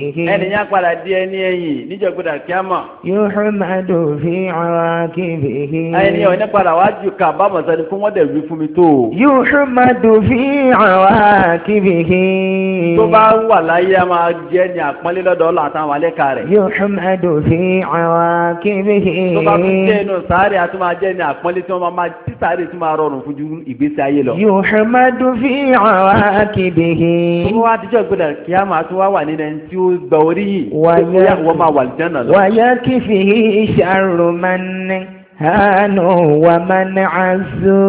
Mm-hmm. ẹni yá padà di ẹni ẹ̀yìn níjọ̀gbọ́dà kíámà. yóò hùmàdù fi àwọn akébèké. ẹni ọ̀ ní padà wá ju ká bá mọ̀sá ni fún wọ́n dẹ̀ wí fún mi tó. yóò hùmàdù fi àwọn akébèké. tó bá wà láyé a máa jẹ́ ní àpọ́nlé lọ́dọ̀ ọ̀la àtàwọn àlékà rẹ̀. yóò hùmàdù fi àwọn akébèké. tó bá fi jẹ́ inú sáré a tún máa jẹ́ ní àpọ́nlé tí wọ́n máa tí sáré tún máa rọrùn fún ìgbésí ayé lọ. yóò hùmàdù fi àwọn akébèké. tó gbà orí yìí tó yà wọ́n máa wà lìjánà lọ. wàyà kí fi ṣàrùmánì hànú wàmánì àzú.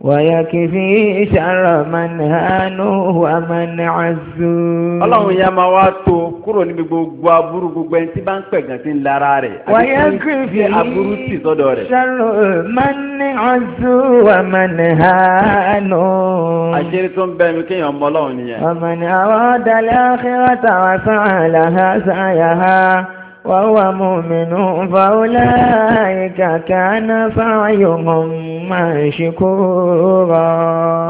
ويكفي شر من هانوا ومن عزوا ọlọ́run yẹn máa wá tó kúrò níbi gbogbo aburú gbogbo ẹni tí bá ń pẹ̀gàn tí ń lara rẹ̀ ويكفي شر من عزوا ومن هانوا. àṣírí tó ń bẹ mi kéèyàn mọ ọlọ́run nìyẹn. ومن أراد الآخرة وسعى لها سعيها. وهو مؤمن فأولئك كان سعيهم مشكورا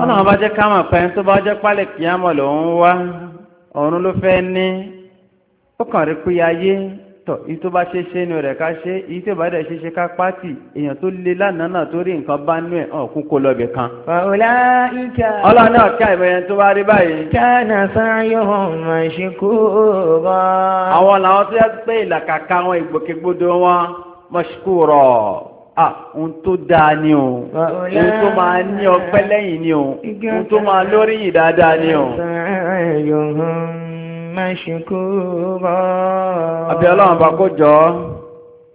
ọlọ́run bá jẹ́ káwọn pẹ́ tó bá jẹ́ pálẹ̀ kìí àmọ̀ lòun wá ọ̀run ló fẹ́ ní ó kàn rí pé ayé tọ̀ ìyí tó bá ṣe ṣe inú rẹ̀ ká ṣe èyí tó bá dẹ̀ ṣe ṣe ká pátì èèyàn tó lé lánàá náà tó rí nǹkan bá nú ẹ̀ ọ̀kún kó lọ bẹ̀ kan. ọ̀la ìkà ọlọ́run náà ká tó bá rí báyìí. kánà sáyọ̀hún máa ṣe rọ. àwọn làwọn tó yẹ pé ìlàkàkà wọn ìgbòkègbodò wọn mọ̀ṣíkù rọ̀ ohun tó dáa ni o ohun tó máa ní ọpẹ́ lẹ́yìn ni o ohun tó máa lóríyìn dáadáa ni o. mashkura. àbí ọlọ́run bá kó jọ ọ́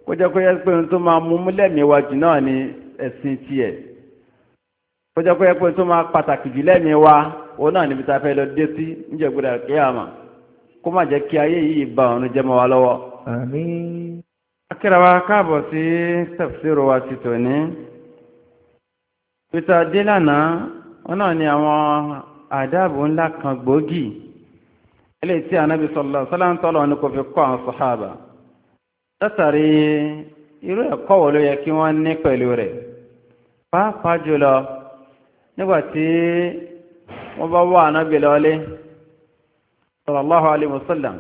kó jẹ́ kó yẹ pé ohun tó máa mú múlẹ̀mí wa náà ni ẹ̀sìn tiẹ̀ kó tó máa pàtàkì jù lẹ́mí wa náà níbi tá a fẹ́ lọ dé sí kó má jẹ́ kí ba ọ̀run jẹ́ mọ́ wa lọ́wọ́. wa káàbọ̀ sí wa ti tòní. peter wọn náà ni kan gbòógì ilé tí ànábì sọlọ sọláń tọlọ ní kò fi kọ́ àwọn sàhábà látàrí irú ẹ̀kọ́ wo ló yẹ kí wọ́n ní pẹ̀lú rẹ̀ pàápàá jùlọ nígbà tí wọ́n bá wá ànábì lọ́lé sọlọ́láhu alayhi wa sallam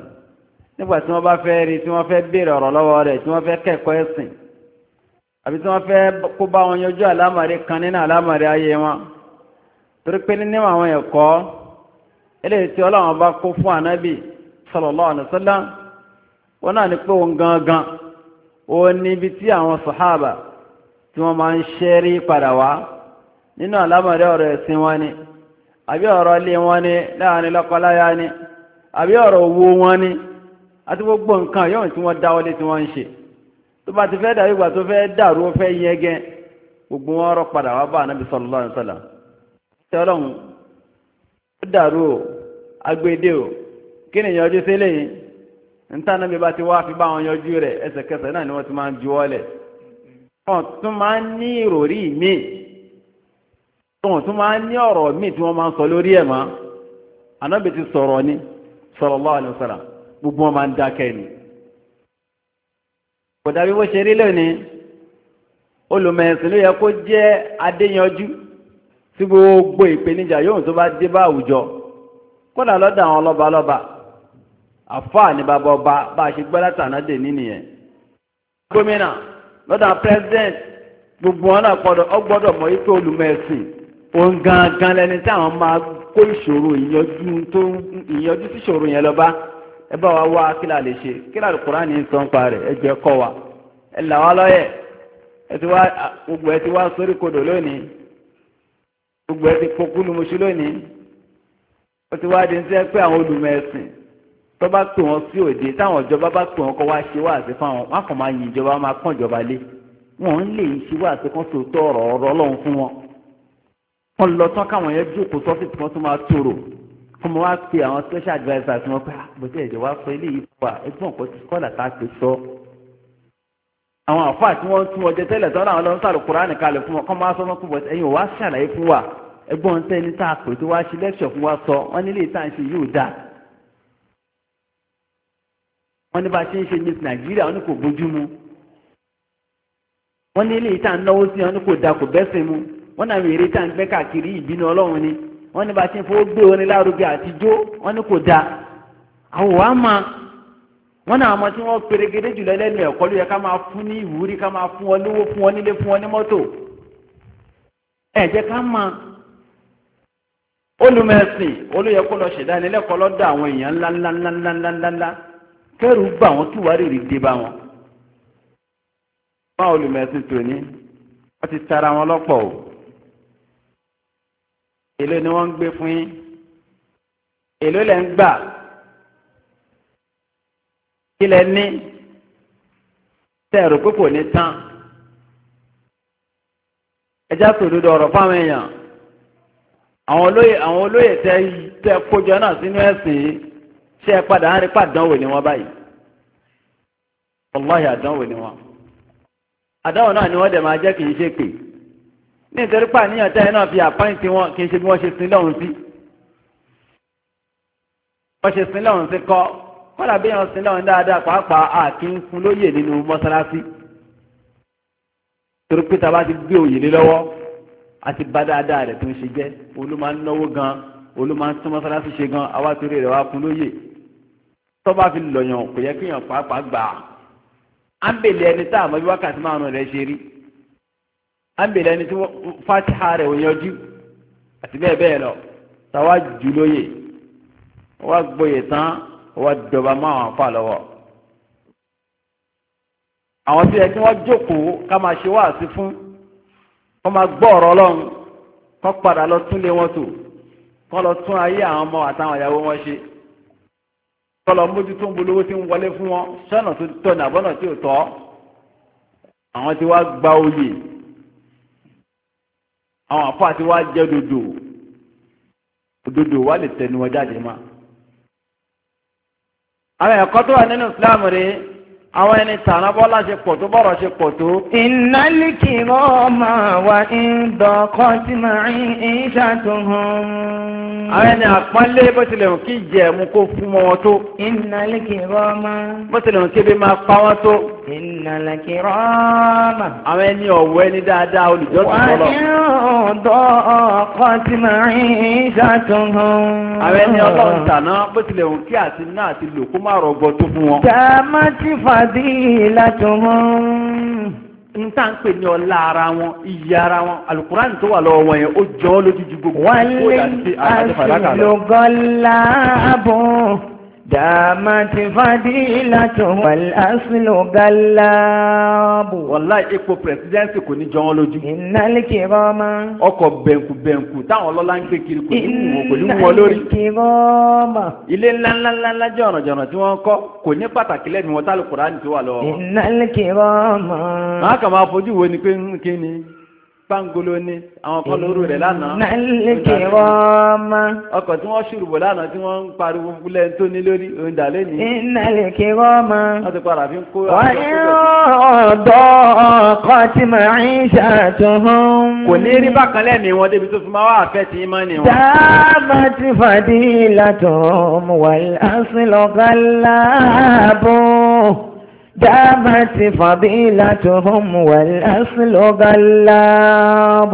nígbà tí wọ́n bá fẹ́ rí tí wọ́n fẹ́ béèrè ọ̀rọ̀ lọ́wọ́ rẹ̀ tí wọ́n fẹ́ kẹ́kọ̀ọ́ ẹ̀sìn àbí tí wọ́n fẹ́ kó bá wọn yanjú àlámàrí kan nínú àlámàrí ayé wọn torí pé nínú àwọn ẹ̀kọ́ eléyìí tí ọlọ́run bá kó fún ànábì sallallahu alaihi wasallam wọn náà ní pé òun gangan ó níbi tí àwọn sàhábà tí wọ́n máa ń ṣẹ́rí padà wá nínú àlámọ̀rẹ́ ọ̀rọ̀ ẹ̀sìn wọn ni àbí ọ̀rọ̀ ilé wọn ni láàrin lọ́kọláya ni àbí ọ̀rọ̀ owó wọn ni àti gbogbo nǹkan yóò tí wọ́n dáwọ́lé tí wọ́n ń ṣe tó bá ti fẹ́ dàrú ìgbà tó fẹ́ dàrú ó fẹ́ yẹgẹ́ gbogbo wọn rọ padà wá bá ànábì sallallahu alaihi ó dàrú agbede o kí ni ìyànjú sí lẹ́yìn ntànà mi bá ti wá fi bá wọn yanjú rẹ̀ ẹsẹ̀kẹsẹ̀ náà ni wọ́n ti máa ń juwọ́ lẹ̀ wọ́n tún máa ń ní ìròrí míì wọ́n tún máa ń ní ọ̀rọ̀ míì tí wọ́n máa ń sọ lórí ẹ̀ mọ́ anábì ti sọ̀rọ̀ ni sallallahu alaihi wasallam gbogbo wọn máa ń dákẹ́ ni kò dàbí bó ṣe rí lónìí olùmẹ̀sìn ló yẹ kó jẹ́ adéyanjú sí gbogbo ìpèníjà yóò tó bá dé bá àwùjọ kódà lọ́dọ̀ àwọn ọlọ́ba lọ́ba àfáà ní bàbá ọba bá a ṣe gbọ́ látàná dè ní gómìnà lọ́dọ̀ gbogbo wọn náà gbọ́dọ̀ ọ gbọ́dọ̀ mọ ike olùmẹ̀sìn òun gangan lẹni tí àwọn máa kó ìṣòro ìyanjú tó sí ìṣòro yẹn lọ́ba ẹ bá wa wá kí la lè ṣe wa ẹ là wá lọ́yẹ̀ ẹ ti wá gbogbo ẹ ti wá sórí kodò ó ti wáá di ní sẹ́ pé àwọn olùmẹ̀sìn tó bá pè wọ́n sí òde táwọn ìjọba bá pè wọ́n kọ́ wá ṣe wáàsí fáwọn wọn kàn máa yin ìjọba máa kàn ìjọba lé wọn ń lè ṣe wáàsí kan sòótọ́ ọ̀rọ̀ ọ̀rọ̀ ọlọ́run fún wọn. wọn lọ tán káwọn yẹn jókòó sọ́fíìsì kan tó máa tòrò fún mi wá pe àwọn special adviser tí wọ́n pé àbòtí ah, ẹ̀jẹ̀ wá fún eléyìí fún wa ẹgbọ́n kan ti kọ́ làtà ti sọ. àwọn àfáà tí wọ́n tún ọjọ́ tẹ́lẹ̀ tán láwọn lọ́n sàrò kúránì kalẹ̀ fún wọn kọ́ máa sọ wọn ẹ̀yin ò ẹgbọ́n tẹ́ni tá a pè tó wá ṣe lẹ́kṣọ̀ fún wa sọ wọ́n nílé ìta ń ṣe yóò dáa wọ́n ní bá ṣe ń ṣe ní nàìjíríà wọ́n ní kò bójú mu wọ́n nílé ìta ń náwó sí wọ́n ní kò da kò bẹ́sẹ̀ mu wọ́n náà wèrè ìta ń gbẹ́ káàkiri ìbínú ọlọ́run ni wọ́n ní bá ṣe ń fowó gbé orin lárugẹ àtijọ́ wọ́n ní kò da àwọn wa máa wọ́n náà mọ̀ tí wọ́n pèrègede jùlọ lẹ́nu ẹ̀kọ́ ló yẹ ká máa fún ní ìwúrí ká máa fún ọ lówó fún ọ nílé fún ọ ní mọ́tò ẹ jẹ́ ká máa olùmẹ̀sìn olóyẹ̀kọ́ lọ ṣèdánilẹ́kọ̀ọ́ lọ́dọ̀ àwọn èèyàn ńláńláńláńláńláńlá kẹ́rù bá wọn kí wàá rèrè dé bá wọn. bá olùmẹ̀sìn tòní wọ́n ti tara wọn lọ́pọ̀ o èló ni wọ́n ń gbé fún yín èló lẹ̀ ń gbà kí lẹ ní tẹ̀rù pé ní tán ẹjá tòdodo ọ̀rọ̀ fáwọn èèyàn àwọn olóyè àwọn olóyè tẹ tẹ kójọ náà sínú ẹ̀sìn ṣe é padà ń rí pàdánwò ni wọ́n báyìí wàláhì àdánwò ni wọ́n àdánwò náà ni wọ́n dẹ̀ máa jẹ́ kì í ṣe pè nítorí pàníyàn tẹ́yìn náà fi àpáǹtì wọn kì í ṣe bí wọ́n ṣe sin lọ́hùn sí wọ́n ṣe sin lọ́hùn sí kọ́ kọ́lá bí wọ́n sin lọ́hùn dáadáa pàápàá àkí ń fún lóyè nínú mọ́sálásí torí pé tá a bá ti gbé òyìnbó lọ́wọ́ àti bá dáadáa rẹ̀ tó ń ṣe jẹ́ olúmọ ń náwó gan olúmọ ń súnmọ́ sáláṣí ṣe gan awátorí rẹ̀ wá fún lóye tó bá fi lọ̀yàn kò yẹ kéèyàn pàápàá gbà á á ń bèlè ẹni tá àmọ́ bí wákàtí márùn rẹ̀ ṣe rí á ẹni tí fatiha rẹ̀ ò yanjú àti bẹ́ẹ̀ bẹ́ẹ̀ lọ táwa jù lóye wá gboyè tán wá dọba mọ́ àwọn afọ àwọn tí ẹ kí wọ́n jókòó ká máa ṣe wáàsí fún kọ́ máa gbọ́ ọ̀rọ̀ ọlọ́run kọ́ padà lọ túnlé wọn tò kọ́ lọ tún ayé àwọn ọmọ àtàwọn ìyàwó wọn ṣe kọ́ lọ mójútó ń bolówó tí ń wọlé fún wọn sọ́nà tó tọ́ nàbọ́nà tí ò tọ́ àwọn tí wá gba oyè àwọn àfáà tí wá jẹ́ dodo òdodo wà lè tẹnu wọn jáde mọ́ àwọn ẹ̀kọ́ tó wà nínú Islam rèé àwọn ẹni tàná bọ́lá ṣe pọ̀ tó bọ́rọ̀ ṣe pọ̀ tó. ìnálékì rọ́ọ̀mà wà ìdọ̀kọ́ tí màá ń ṣàtúnhàn. àwọn ẹni àpọ́nlé bó tilẹ̀ hàn kí ìjẹ̀mú kó fún wọn tó. ìnálékì rọ́ọ̀mà. bó tilẹ̀ hàn kí ebi máa pa wọn tó. Innal kirama. Àwọn ẹni ọ̀wọ́ ẹni dáadáa olùjọ́sìn lọ́lọ́. Wọ́n yóò dọ́ ọkọ̀ tí máa ń ṣàtún hàn. Àwọn ẹni ọlọ́run tàná bó tilẹ̀ wù kí àti náà ti lò kó má rọgbọ tó fún wọn. Tàmá ti fàdí ìlàtún hàn. N tá pè ní ọlá ara wọn, iyì ara wọn, àlùkùránì tó wà lọ́wọ́ wọn yẹn, ó jọ lójú ju gbogbo. Wọ́n lé àṣìlógọ́lá bọ̀. dàmàtì fadilatu wal aslu gàláàbù. wàláì ipò pẹ̀sidẹ́ǹsì kò ní jọ wọn lójú. ìnálékè rọ́mà. ọkọ̀ bẹ̀ǹkù bẹ̀ǹkù táwọn ọlọ́lá ń gbé kiri kò ní wù kò ní wù wọn lórí. ilé tí wọ́n kọ́ kò ní pàtàkì lẹ́nu wọn tálùkùrá ní wà lọ́wọ́. màá kà máa fojú wo ni pé kí ni. pangolo ni àwọn kan lóru rẹ̀ lánàá. nàìjíríkì rọ́ọ̀mà. ọkọ̀ tí wọ́n ṣùrùbọ̀ lánàá tí wọ́n ń pariwo fúlẹ̀ tó ní lórí òǹdà lẹ́nu. nàìjíríkì rọ́ọ̀mà. wọ́n ti padà fi ń kó. wọ́n ọ̀dọ́ ọkọ̀ tí mà ń ṣàtúnhún. kò ní rí bákan lẹ́mí wọn débi tó fi máa wá àfẹ́ tí ìmọ̀ ni wọn. dáàbà ti fàdí ìlàtọ̀ wàlásìlọ́gàlábọ̀. دامت فضيلتهم والأصل غلاب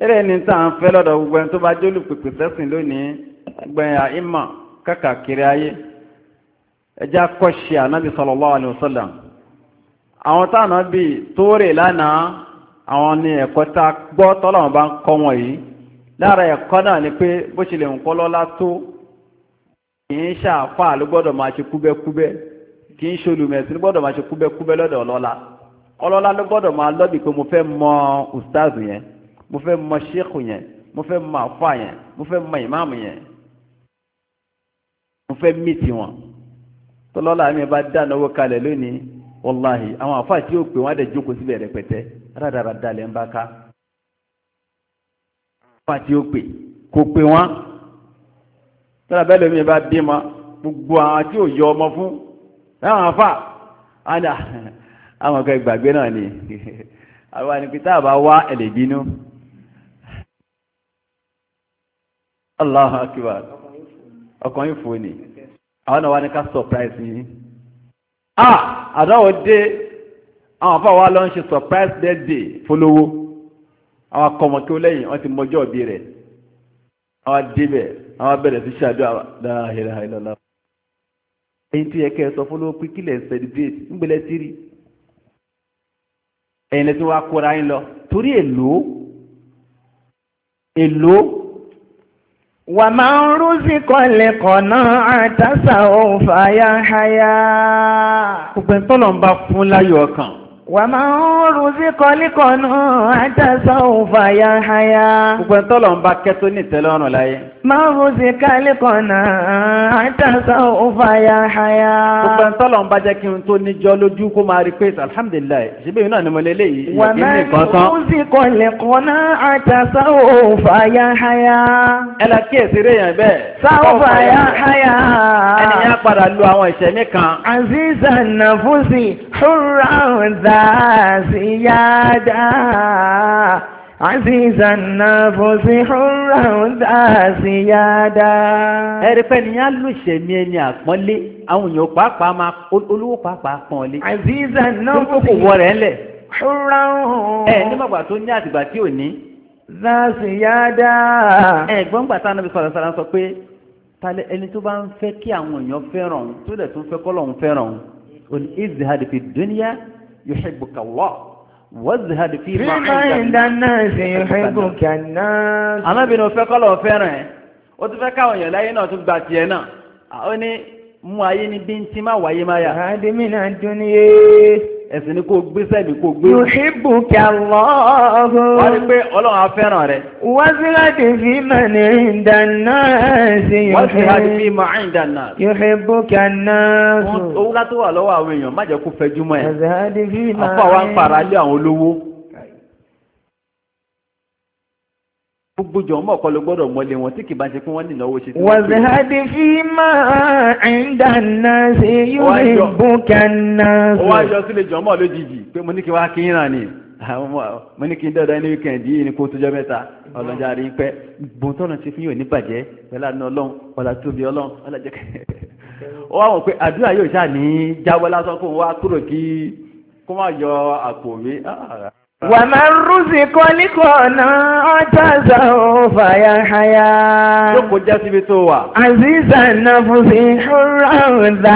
eré ní tá à ń fẹ́ lọ́dọ̀ gbogbo ẹni tó bá jólù pèpè sẹ́sìn lónìí gbẹ̀yà ìmọ̀ kákàkiri ayé ẹjá kọ́ṣe ànábì sallallahu alaihi wasallam àwọn bí tóórè lánàá àwọn ní ẹ̀kọ́ tá gbọ bá ń wọn yìí lára náà ni pé bó ṣe lè ń tó kì kì í ṣe olùmẹ̀sìn gbọ́dọ̀ máa ṣe kúbẹ́kúbẹ́ lọ́dọ̀ ọlọ́lá ọlọ́lá ló gbọ́dọ̀ máa lọ́bì pé mo fẹ́ mọ ustaz yẹn mo fẹ́ mọ sheikh yẹn mo fẹ́ mọ afa yẹn mo fẹ́ mọ imam yẹn mo fẹ́ mìtì wọn tọ́lọ́lá mi bá dá náwó kalẹ̀ lónìí wàláhì àwọn afa tí ó pè wọ́n á dẹ̀ jókòó síbẹ̀ rẹpẹtẹ rádaràda lẹ́ ń bá ká afa tí ó pè kò pè wọ́n tọ́lá bẹ́ẹ̀ lómi bá bímọ gbogbo àwọn tí ò yọ ọmọ fún láwọn afá ádà àwọn ọkọ̀ ìgbàgbé náà ni àwọn ànípítà àbá wá ẹ̀lẹ̀ bínú Allahu akbar ọkàn yìí fò ní àwọn surprise yìí ah àdáwọ̀ dé àwọn afá surprise birthday fólówó àwọn akọmọ kí ó lẹ́yìn wọ́n ti mọjọ́ òbí rẹ̀ àwọn débẹ̀ àwọn abẹ́rẹ̀ sí ṣàdúrà la ilaha illallah èyí tí ẹkẹ sọ fún ló pín kílẹ̀ celebrate ńgbẹ̀lẹ̀ tírì ẹ̀yìn lẹ́tí wá kóra yín lọ torí èlò èlò wà máa ń rúsí kọlẹ̀ kọ̀nà àtàṣà òun fàyà háyà. gbogbo ẹ̀ńtọ́lọ̀ ń bá fún láyọ̀ ọkàn. ومن رزق لقناعة سوف يحيا وقنطلهم باكتوني تلون لاي من رزق لقناعة سوف يحيا وقنطلهم باجاكي توني جولو جوكو ماري كويس الحمد لله شبيه ناني مليلي ومن رزق لقناعة سوف يحيا ẹlà kí èsì rẹ̀ yẹn bẹ́ẹ̀. sáwọ́fà yá háyà. ẹni yẹn padà lu àwọn ìṣẹ̀mí kan. azizan nafusi hurra ọ̀dà. زيادة عزيز النفس حرا ذا زيادة ẹ̀rẹ́fẹ́ ni yá ló ṣe mí ẹni àpọ́nlé àwọn èèyàn pàápàá máa olówó pàápàá pọ́nlé. عزيز النفس tó kò wọ rẹ̀ ńlẹ̀. حرا ẹ̀ ní mọ̀gbà tó ní àtìgbà tí ò ní. ذا زيادة. ẹ̀gbọ́n gbàtà náà bí sọ̀rọ̀ sọ̀rọ̀ sọ pé tali ẹni tó bá ń fẹ́ kí àwọn èèyàn fẹ́ràn tó dẹ̀ tó ń fẹ́ kọ́lọ̀ òun fẹ́ràn òní ìzìhàdì fi dúníyà يحبك الله واذهب في ما عند الناس يحبك الناس أما بنو فقال وفرن وتفكا وين لا ينا تبات ينا أوني مو أيني بنتي ما ويما يا هذه من الدنيا ẹ̀sìn ni kò gbé sẹ́mi kò gbé. yòókìbù kí a lọ ọ̀hún. wọ́n rí pé ọlọ́run afẹ́ràn rẹ̀. wọ́n sì láti fi mà ní ìdáná sí yòókì. wọ́n sì láti fi mà ní ìdáná. yòókìbù kí a náà sùn. owó látó wà lọ́wọ́ àwọn èèyàn má jẹ́ kó fẹjú mọ́ ẹ̀. ọ̀sẹ̀ á di fi mà ní. àpò àwọn àpàrà lé àwọn olówó. gbogbo jọ mọ ọkọ ló gbọ́dọ̀ mọlé wọn tí kì bá ṣe fún wọn nínáwó ṣe. wàzàdì fi máa ń dáná sí yóò lè bó kánná. ó wá yọ sílé jọ mọ lójijì pé mo ní kí wá kí ń ràn ní mo ní kí n dọ́dọ̀ ní wíkẹ̀ndì yìí ní kó tó jọ mẹ́ta ọlọ́jà rí pẹ́ gbọ́ntọ́nà ti fi yóò ní bàjẹ́ pẹ̀lú àná ọlọ́run ọlá tóbi ọlọ́run ọlá jẹ́ ó wá wọ̀ pé àdúrà yóò ṣáà ní jáwọ́ lásán kó wá kúrò kí kó má yọ àpò mi. Ah, Wàmán rúzi kọ́ ní kọ̀ọ̀nà ọjọ́zà òfàyà háyà. Tó kò já síbi tó wà. Àzíza náà fún sí ṣúràn dà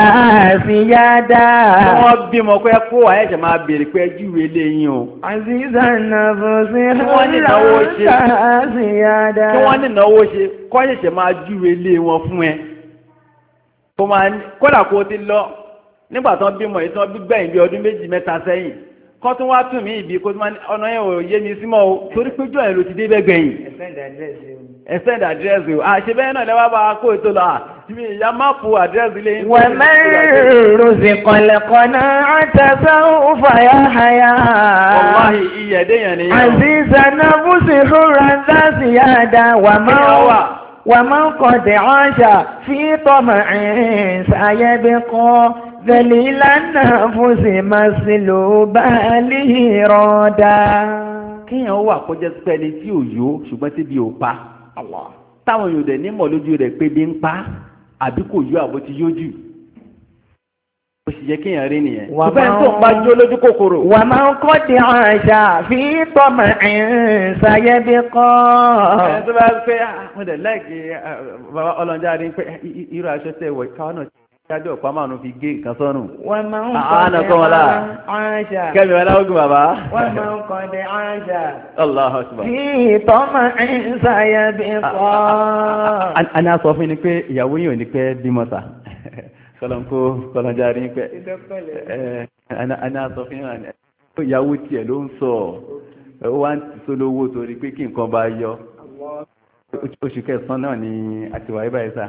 sí yádá. Wọ́n bímọ pé kó wà ẹ̀ṣẹ̀ máa bèèrè pé júwe lé yín o. Àzíza náà fún sí ṣúràn dà sí yádá. Kí wọ́n nínáwó ṣe kọ́ ṣẹ̀ṣẹ̀ máa júwe lé wọn fún ẹ. Kọ́dà kó ti lọ nígbà tán bímọ ìtàn gbígbẹ̀yìn bí kọ́ tún wá tún mí ibi kó tún ọ̀nà yẹn ò yé mi símọ́ o torí pé jọ́ ẹ̀ ló ti dé bẹ́ẹ̀ gbẹ̀yìn. ẹ̀sẹ̀ǹd àdírẹ́sì o àṣẹ bẹ́ẹ̀ náà lẹ́wọ́ bá kó ètò lọ àtìmí ìyá máàpù àdírẹ́sì lé. wọ́n mẹ́rin rọ̀sì kọ̀lẹ̀kọ̀ àtẹ̀sẹ̀ ń fàyà àyà. wàláhì iyẹ̀dẹ̀ yẹn nìyẹn. àzìzà náà bùsì rúra ń yáda wà máa wà máa ń kọ̀ zẹ̀lílánà fún sí máa sí ló bá lè rọ́dá. kíyàn wà kọjá pẹ́ni tí ò yó ṣùgbọ́n tí bí ò pa táwọn yóò dẹ̀ nímọ̀ lójú rẹ̀ pé bí ń pa àbí kò yó àbó ti yó jù ó sì yẹ kí èèyàn rí nìyẹn. wà á máa ń tó pa jó lójú kòkòrò. wà á máa ń kọ́ di àṣà fi tọ́mọ̀ ṣayẹ́ bí kọ́. ẹ tó bá fẹ́ ah, mo dẹ̀ láìkí eh, bàbá ọlọ́njà rí pé irú aṣọ tẹ̀ wọ̀ káwọn náà Ṣájọ́ ọ̀pá máa nù fi gé nǹkan sọ́nù. Wọ́n máa ń ah, kọ́ dẹ̀ àáṣà. Kẹ́mi wọlé ogun bàbá. Wọ́n máa ń kọ́ dẹ̀ àáṣà. Allahu akbar. Kí ìtọ́mọ̀ ẹ̀ǹsà yẹ bí kọ́. A ní a sọ fún ni pé ìyàwó yìí ò ní pẹ́ bímọ ta. Kọ́lọ́nkó kọ́lọ́njà rí pẹ́. A ní a fún yàrá ni. Ìyàwó tiẹ̀ ló ń sọ. Ó wá ń solówó torí pé kí nǹkan bá yọ. Oṣù kẹsàn-án náà ni àtiwáyé báyìí sáà.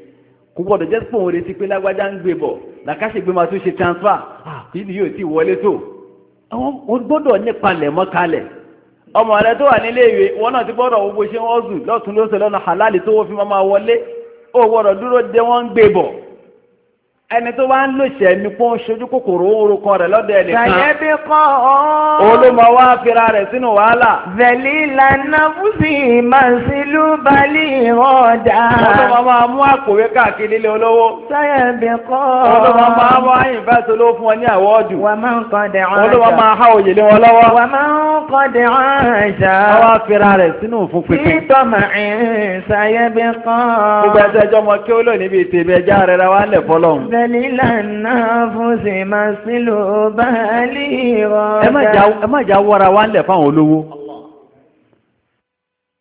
kò gbọ́dọ̀ jẹ́ pé òun retí pé lágbájá ń gbé bọ̀ làkàṣègbè máa tún ṣe transfer kí ni yóò ti wọlé tó àwọn gbọ́dọ̀ nípa lẹ̀ mọ́ kalẹ̀ ọmọ rẹ tó wà nílé ìwé wọn náà ti gbọ́dọ̀ gbogbo ṣé wọ́n zù lọ́tún lọ́sẹ̀ lọ́nà halali tó wọ́n fi máa wọlé ó gbọ́dọ̀ dúró dé wọ́n ń gbé bọ̀ ẹni tó wá ń lò ṣẹ́ ní pọ́n ṣojú kòkòrò oorun kan rẹ̀ lọ́dọ̀ ẹ̀ nìkan. ṣàyẹ́ bí kọ́ ọ́. olómọ wa fira rẹ̀ sínú wàhálà. zẹ̀lí lànà fúsì màsílù balẹ̀ ọ̀dà. olómọ máa mú àkòwé káàkiri ilé olówó. ṣàyẹ́ bí kọ́ ọ́. olómọ máa mú àyìnfẹ́ sọlọ́ fún wọn ní àwọ́ọ̀dù. wà máa ń kọ́ dẹ̀ ọ̀ṣà. olómọ máa há òye lé wọn lọ́wọ́. wà máa ń kọ́ dẹ̀ ọ̀ṣà lílànà fún sí máa sílò bá lè rọ. ẹ má jà wọ́ra wá lẹ̀ fáwọn olówó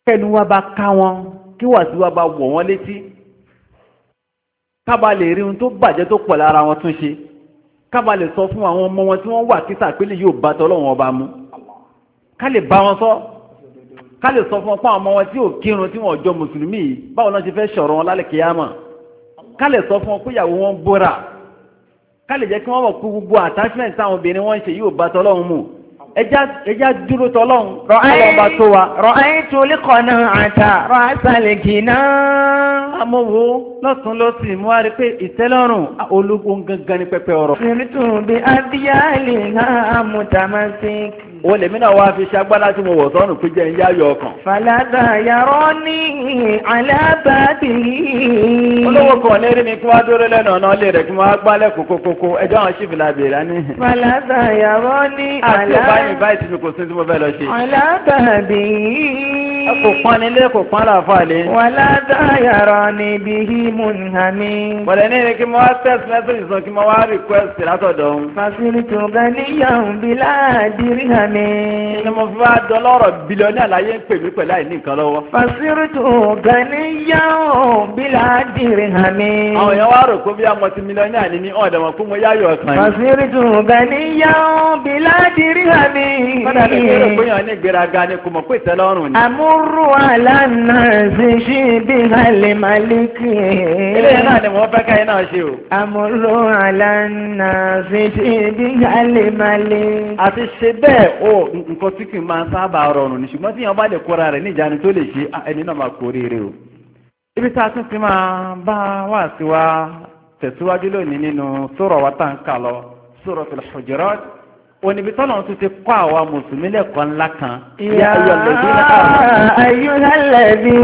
kẹ́nu wa bá ká wọn kí wà sí wa bá wọ̀ wọ́n létí kábà lè rí ohun tó bàjẹ́ tó pọ̀ lára wọn tún ṣe kábà lè sọ fún àwọn ọmọ wọn tí wọ́n wà kíta pélé yóò bá tọ́lọ́wọ́n ọba mu ká bá wọn sọ ká sọ fún ọpá ọmọ wọn tí ò kírun tí wọn ò mùsùlùmí báwo náà ṣe fẹ́ sọ̀rọ̀ wọn lálẹ́ kíyámà kálẹ̀ sọ fún ọ pé ìyàwó wọn bóra kálẹ̀ jẹ́ kí wọ́n mọ̀ pé gbogbo attachment táwọn obìnrin wọn ń ṣe yóò bá tọ́lọ́run mu ẹjá dúró tọ́lọ́run tọ́lọ́run bá tó wa. rọ̀ẹ́ tolí kọ́nà àtà rọ̀ásàlẹ̀ kìnnà. àmọ́ lọ́sùn ló mú wa rí pé ìtẹ́lọ́rùn ológun gangan ní pẹpẹ ọ̀rọ̀. sèmítù bíi adíyálì náà mùtàmásíkì o lèmi náà wá fi ṣagbára tí mo wọ̀ sọ́nù pé jẹ́ ìyá ayọ̀ ọkàn. fàlàdà yàrá ní alábàbí. olówó kan lérí mi kí wọ́n á dúró lẹ́nu ọ̀nà ilé rẹ̀ kí wọ́n á gbálẹ̀ kókókókó ẹjọ́ àwọn ṣì fìlà bèèrè ní. fàlàdà yàrá ní alábàbí. àti ọba yìí báyìí tí mi kò sí tí mo fẹ́ lọ ṣe. alábàbí. ẹ kò pọ́n ni ilé kò pọ́n làáfà lé. wàlàdà yàrá ní bí himu hami. bọ̀dẹ̀ ní ni kí mo wá text message sọ kí mo wá request látọ̀dọ̀ ni. ni mo fẹ́ dọ́lọ́rọ̀ bílíọ̀nù àlàyé ń pè mí pẹ̀lú àìní nǹkan lọ́wọ́. fàṣírùtù gàníyàwó bílà dìrì hàn mi. àwọn èèyàn wá rò kó bí àwọn ti mílíọ̀nù àní ní ọ̀dọ̀ wọn kó mo yáyọ̀ kan yìí. fàṣírùtù gàníyàwó bílà dìrì hàn mi. kọ́dà mi kéré pé yàn ní gbéraga ni kò mọ̀ pé ìtẹ́lọ́rùn ni. àmúrú àlànà ṣe bí halẹ̀ màlíkì. eléyìí náà ni mo fẹ́ ká ó nǹkan tí kì í máa sábà rọrùn ní ṣùgbọ́n tí èèyàn bá lè kóra rẹ̀ ní ìjánu tó lè ṣe ẹni náà máa kórè rẹ̀ o. ibi tá a tún ti máa bá wà sí wa tẹ̀síwájú lónìí nínú sura wa tá à ń kà lọ suratul Hujurat onibi tọ́lọ̀ tún ti kọ́ àwa mùsùlùmí lẹ́kọ̀ọ́ ńlá kan. yà á ayúhálẹ̀bí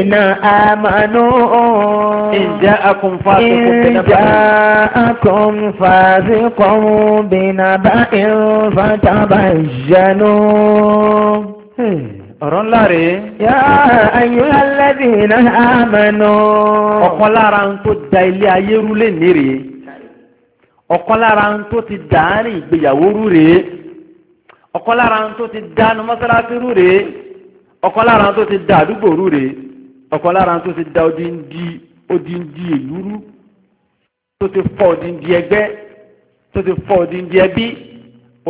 iná àmàlú. ǹjẹ́ akun fásikun bínabá. ǹjẹ́ akun fásikun hmm, bínabá ìfàtàbà ìjẹnu. ọ̀rọ̀ ńlá rèé. yà á ayúhálẹ̀bí iná àmàlú. ọ̀kan lára ń tó da ilé ayé rú nírèé ọ̀kan lára ń tó ti dàárín ìgbéyàwó rú rèé ọ̀kan lára ń tó ti dánu mọ́sálásí rú rèé ọ̀kan lára ń tó ti da àdúgbò rú rèé ọ̀kan lára ń tó ti da odindi odindi ìlú rú tó ti fọ́ odindi ẹgbẹ́ tó ti fọ́ odindi ẹbí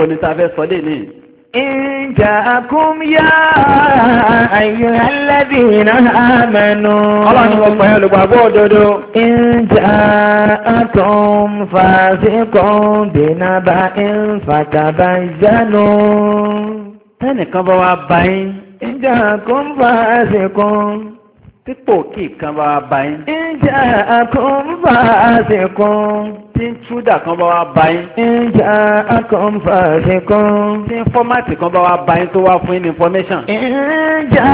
onítàfẹ́ sọ́lé nìyí. إن جاءكم يا أيها الذين آمنوا إن جاءكم فاسق بنبأ فتبينوا tẹ́nìkan bá wá bá yín. ìjà kan bá ṣe kan. kan bá wá bá yín. ìjà kan bá tí ń túdà kan bá wá bá yín. ìjà akọ̀ǹfàṣe kan. tí fọ́mátì kan bá wá bá yín tó wá fún yín information. ìjà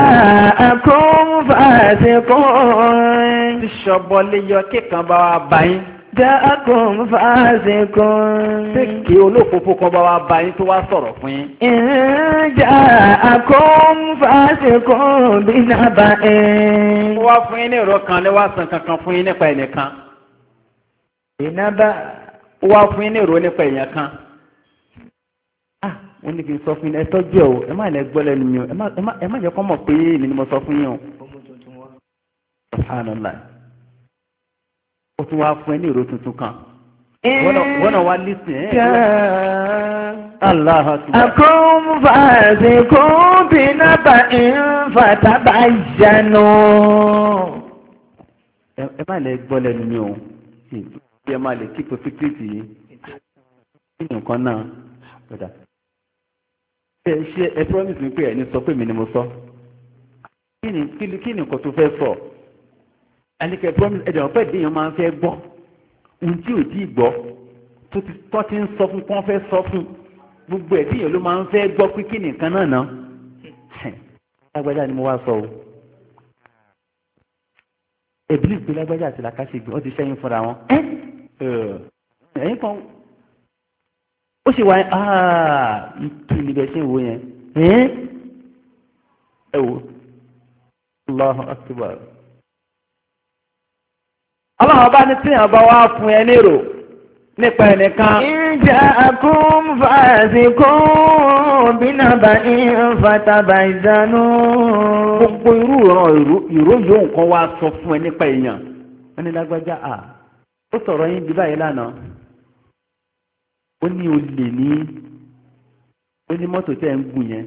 akọ̀ǹfàṣe kan. tí ṣọbọlé yọ kíkan bá wá bá yín. ìjà akọ̀ǹfàṣe kan. tí kí olófòfò kan bá wá bá yín tó wá sọ̀rọ̀ fún yín. ìjà akọ̀ǹfàṣe kan bí nàbà ẹ̀. wọ́n fún yín ní ìrọ̀ kan kankan fún yín nípa ẹnìkan iná bá wá fún yín ní ìró nípa èèyàn kan ah, wọ́n ní kí n sọ fún yín ẹ tọ́jú ẹ̀ o ẹ má lẹ gbọ́ lẹ́nu mi o ẹ má jẹ́ kọ́ mọ̀ pé èmi ni mo sọ fún yín o. subhanallah ó tún wá fún ẹ ní ìró tuntun kan wọ́n náà wá lísìn ẹ̀. Allah Akum fasikum bi naba'in fatabayyanu. Ẹ má lẹ gbọ́ lẹ́nu mi o kí ẹ máa lè kí pẹ̀fẹ́tìrìtì yìí nǹkan náà padà. ṣé ṣé ẹ promise mi pé ẹ ní sọ pé mi ni mo sọ kí ni kí ni nǹkan tó fẹ́ sọ àníkẹ́ promise ẹ̀dẹ̀ ọ̀pẹ́ ìdíyàn máa ń fẹ́ gbọ́ ohun tí ò tí ì gbọ́ tó ti tọ́ ti ń sọ fún kí wọ́n fẹ́ sọ fún gbogbo ẹ̀díyàn ló máa ń fẹ́ gbọ́ pé kí nìkan náà ná lágbájá ni mo wá sọ o ẹ̀bílì gbé lágbájá àti làkàṣe gbé wọ́n ti sẹ́yìn fúnra wọn. ẹ̀yìn kan ó sì wá ní kí sí ìwò yẹn ẹ wò Allahu akbar Allah bá ní tí àwọn bá wá fún ẹ lérò nípa ẹnìkan. ìjà gbogbo irú ìró yóò nǹkan wá sọ fún ẹ nípa èèyàn wọn lágbájá ó sọ̀rọ̀ yín bí báyìí lánàá ó ní olè ní ó ní mọ́tò tẹ́ ń gùn yẹn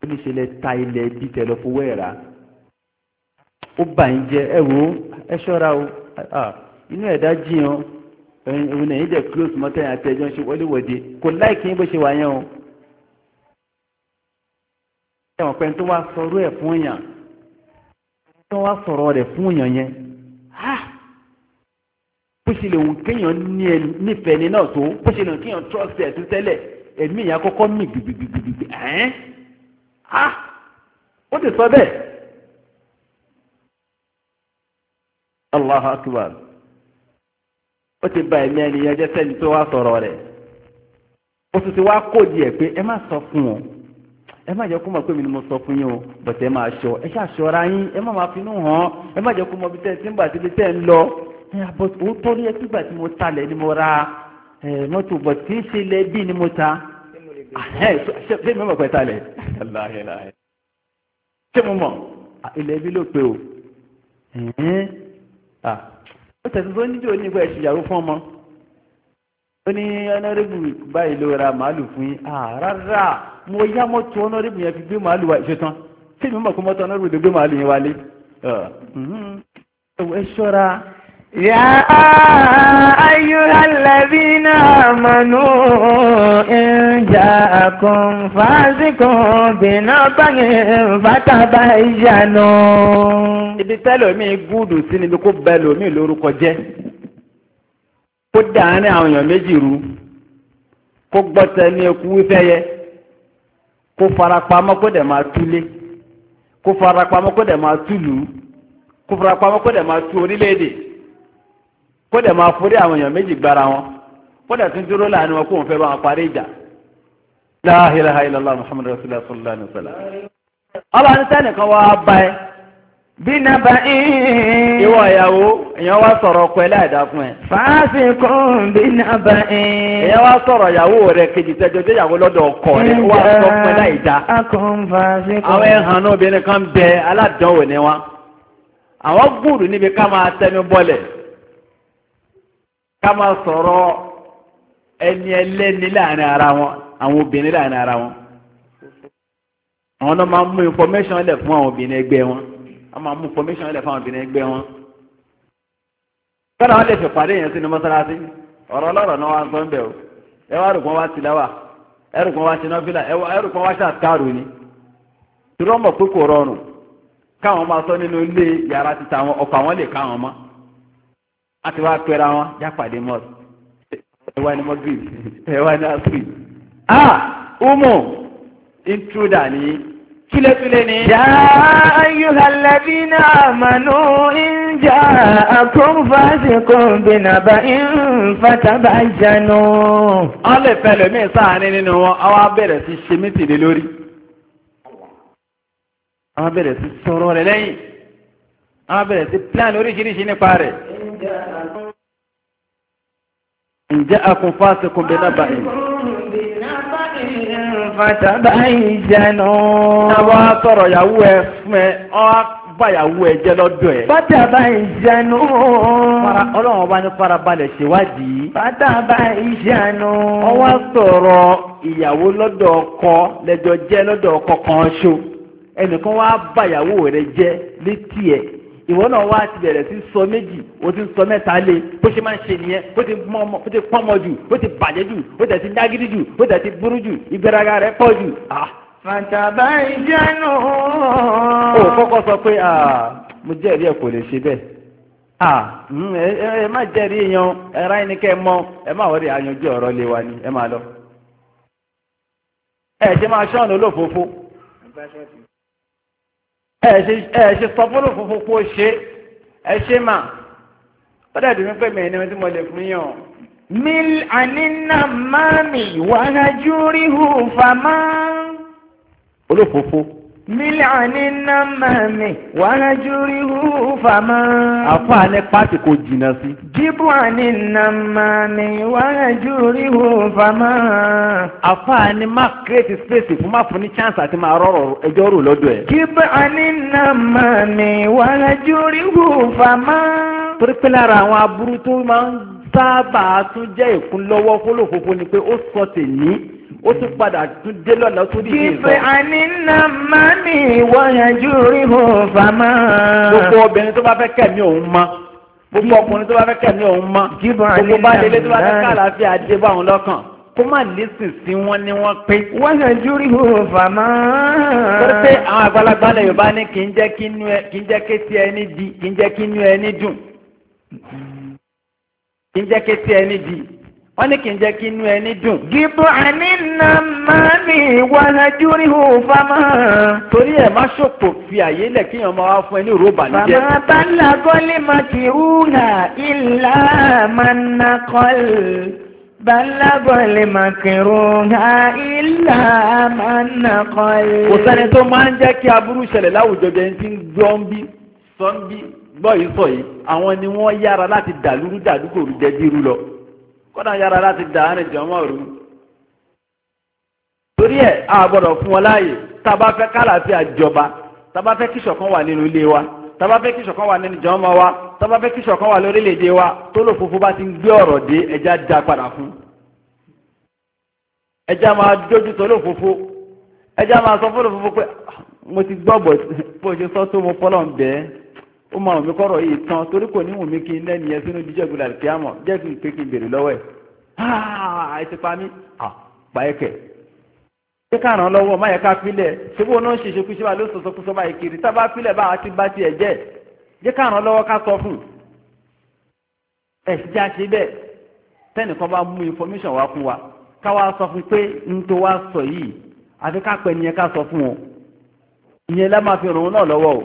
ó ní ṣe lẹ ta ilẹ̀ bí tẹ̀lọ fowó ẹ̀rá ó bà ń jẹ ẹ wò ó ẹ ṣọ́ra o inú ẹ̀dá jiyàn òun ẹ̀yìn dẹ̀ close mọ́tẹ́yìn àti ẹjọ́ ń ṣe wọléwọ̀de kò láìkí yín bó ṣe wà yẹn o ẹ̀wọ̀n pẹ́ni wá sọ̀rọ̀ ẹ̀ fún èèyàn tó wá sọ̀rọ̀ rẹ̀ fún èèyàn yẹn o lè le kéèyàn ní ẹni nífẹ̀ẹ́ ni náà tó bó ṣe lè kéèyàn trust ẹ̀ tó tẹ́lẹ̀ ẹ̀mí ìyá kọ́kọ́ mì gbìgbìgbìgbì ẹ̀ẹ́n á ó ti sọ bẹ́ẹ̀. allah akbar ó ti ba ẹ̀mí ẹni yẹn jẹ́ sẹ́ni tó wá sọ̀rọ̀ rẹ̀ ó sì ti wá kóòdì ẹ̀ pé sọ fún ẹ má kó pé o bọ̀tẹ́ máa ṣọ ẹ yín ẹ má máa finú hàn ẹ má kó bí tẹ́ ẹ ti Eh, but ó tọ́ ní ẹtí gbà tí mo talẹ̀ ni mo ra eh, mọ́tò but kì í ṣe lẹ́bí ni mo ta ah, eh, ṣé mo mọ̀ pẹ́ talẹ̀ ṣé mo mọ̀ ilẹ̀ ẹbí ló pe o ah, ó tẹ̀sí tó níjó nígbà ìṣìyàwó fún ọmọ ó ní ọ̀nàrẹ́bù báyìí ló ra màálù fún yín ah, rárá mo yá mọ́tò ọ̀nàrẹ́bù yẹn fi gbé màálù wa ìṣetán tí mi mọ̀ kó mọ́tò ọ̀nàrẹ́bù ló gbé màálù yẹn wálé mhm. ẹ ṣọ́ra. يا أيها الذين آمنوا إن جاءكم فاسق بنبأ فتبينوا ibi tẹ́lòmíì gúdù sí níbi kó bẹ lòmíì lórúkọ jẹ́ kó dàárín àwọn èèyàn méjì rú kó gbọ́tẹ ní eku wífẹ́ yẹ kó farapamọ́ kó dẹ̀ máa túlé kó farapamọ́ kó dẹ̀ máa túlù kó farapamọ́ kó dẹ̀ máa tú orílẹ̀-èdè. kódà máa forí àwọn èèyàn méjì gbára wọn kódà tún dúró láàrin wọn kó wọn fẹ́ bá wọn parí ìjà la ilaha illallah muhammadu rasulullah sallallahu alaihi wasallam. ọba ní sẹ́nìkan wá bá ẹ. bí nàbà wá sọ̀rọ̀ ẹ bí nàbà ìhìn. èèyàn ka ma sọ̀rọ̀ ẹni ẹlẹ́ni láàrin ara wọn àwọn obìnrin láàrin ara wọn àwọn náà máa ń mú information lẹ̀ fún àwọn obìnrin ẹgbẹ́ wọn wọ́n máa mú information fún àwọn obìnrin wọn kọ́nà wọn lè fi pàdé yẹn sínú mọ́sálásí ọ̀rọ̀ ọlọ́rọ̀ náà o ẹ wá wá ẹ wá nọ́fìlà ẹ wá ni pé sọ nínú ilé yàrá títa ọkọ̀ àwọn lè mọ́. àti wá pẹ́ra wọn jápàdé mọ́ọ̀sì ẹwà ni mọ́gìrì ẹwà ni àfíì. a ah, umu intruder ni kílẹ̀kílẹ̀ ni. yà á yúhà lẹ́bí náà mànú ìjà àkóńfàṣekùn bìnàbà ìfàtàbà ìjànú. wọ́n lè fẹlẹ̀ mí sáàárín nínú wọn àwọn abẹ́rẹ́ sí ṣe mítìlẹ́ lórí. àwọn abẹ́rẹ́ sí sọ̀rọ̀ rẹ̀ lẹ́yìn àwọn abẹ́rẹ́ sí plan oríṣiríṣi nípa rẹ̀. إن جاءكم فاسق بنبأ فتبينوا تواتر يا وفم báyàwó ẹ jẹ lọ́dọ̀ ẹ. bàtàbà ìjànú. fara ọlọ́run ọba ní farabalẹ̀ ṣèwádìí. bàtàbà ìjànú. wọ́n wá sọ̀rọ̀ ìyàwó lọ́dọ̀ ọkọ lẹ́jọ́ jẹ́ lọ́dọ̀ ọkọ kan ṣo ẹnìkan wá báyàwó rẹ jẹ́ létí ẹ̀ ìwọ náà wá ti bẹ̀rẹ̀ sí sọ méjì o ti sọ mẹ́ta lé bó ṣe máa ń ṣe nìyẹn bó ti pọ́nmọ jù bó ti bàjẹ́ jù bó ti dágídí jù bó ti burú jù ìgbéraga rẹ̀ pọ̀ jù. Ah. fàtàbà ìjẹnu. o kọ́kọ́ sọ pé ah, mo jẹ́rìí ẹ̀ kò lè ṣe bẹ́ẹ̀ ah, mm, ẹ má jẹ́rìí yan ẹ̀rá ẹni kẹ́ mọ ẹ má wọlé àyànjú ọ̀rọ̀ lé wa ni ẹ má lọ. ẹ ṣe máa ṣọ́ọ̀nù olófòófó ẹ ṣe sọ fọlọ fúnfún kó ṣe ẹ ṣe mà ó dàbí wípé mi ẹni tí mo lè fún yàn. mil anina mami wàhájú ríhu fama. olófòfó mílíọ̀nù nọ́mbà mi wàhálà júrí hu fàmà. àfààní pàtì kò jìnnà sí. jíbùánì nọ́mbà mi wàhálà júrí hu fàmà. àfààní má kírètì spéèsì fún má fún ní chance àti máa rọrọ ẹjọ́ rò lọ́dọ̀ ẹ̀. jíbùánì nọ́mbà mi wàhálà júrí hu fàmà. torí pé lára àwọn aburú tó máa ń sábà tún jẹ́ ìkúnlọ́wọ́ fólòfófó ni pé ó sọ tèmi ó tún padà tún dé lọ́nà tó dìde ìsọ. kìfẹ́ àníná máa ní ìwọ̀nyànjú rí hò fàmà. gbogbo obìnrin tó bá fẹ́ kẹ̀mí òun mọ́ gbogbo ọkùnrin tó bá fẹ́ kẹ̀mí òun mọ́ gbogbo bá délé tó bá fẹ́ kàlàáfíà dé bá òun lọ́kàn kó má lísìn sí wọn ni wọn pé. wọ́n ṣe júrí hó fàmà. wọ́n pé àwọn àgbàlagbà lè yorùbá ní kì í jẹ́ kí n jẹ́ kí tí ẹni di kì í jẹ́ kí inú ẹni dùn kì í jẹ́ kí tí ẹni di wọ́n ní kí n jẹ́ kí inú ẹni dùn. gíbọ̀ àní nà máa ní ìwàlẹ̀ júrí hù fámà. torí ẹ̀ má ṣòpò fi àyè lẹ̀ kí èèyàn máa wá fún ẹ ní ìró ìbànújẹ́. bàbá bálá gọ́lé máa ti hùnà ìlà mànàkọ́lì. Bàlágọ̀ lè máa kẹrù ha ilá máa ń nà kọ́ ẹ. Kò sẹ́ni tó máa ń jẹ́ kí aburú ṣẹlẹ̀ láwùjọ jẹ́ ní ti ń bí sọ bí gbọ́ yìí sọ yìí àwọn ni wọ́n yára láti dàlúrú dàdúgbò jẹ́ dírú lọ kọ́dà yára láti dàánì jọmọ́ òru torí ẹ̀ a gbọ́dọ̀ fún wọn láàyè tá fẹ́ kálàáfíà jọba tá fẹ́ kíṣọ̀ kan wà nínú ilé wa tá a bá fẹ́ kíṣọ̀ kan wà nínú jọmọ́ wa tá a bá fẹ́ kíṣọ̀ kan wà lórílẹ̀‐èdè wa tó lò fúnfún bá ti ń gbé ọ̀rọ̀ dé ẹja dá padà fún ẹja máa dójú tó lò fúnfún ẹja máa sọ fún lò fúnfún pé ah, mo ti gbọ́ bó ṣe sọ tó mo fọlọ́ ń bẹ́ẹ̀ ó máa wùn mí kọ́rọ̀ yìí tán torí kò ní wùn mí kí n lẹ́nu yẹn sínú jíjẹ́ gbọ́dọ̀ àti kíámọ̀ jẹ́ kí n pé kí n bèrè lọ́wọ́ ẹ̀ àìsí ah, pa mí pàyẹ́kẹ̀. ṣé ká ràn án lọ́wọ́ má yẹ ká filẹ̀ ṣé bó náà ṣèṣe kú síbà ló sọ̀sọ́ kú sọ́ba ìkiri tá a bá filẹ̀ bá a ti bá tiẹ̀ jẹ́ jẹ́ ká ràn án lọ́wọ́ ká sọ fún un. ẹ̀ sì já ṣe bẹ́ẹ̀ tẹ́nìkan bá mú information wá fún wa ká wá sọ fún pé n tó wá sọ yìí àfi ká pẹ́ nìyẹn ká sọ fún wọn ìyẹn lẹ́ máa fi ràn án náà lọ́wọ́ o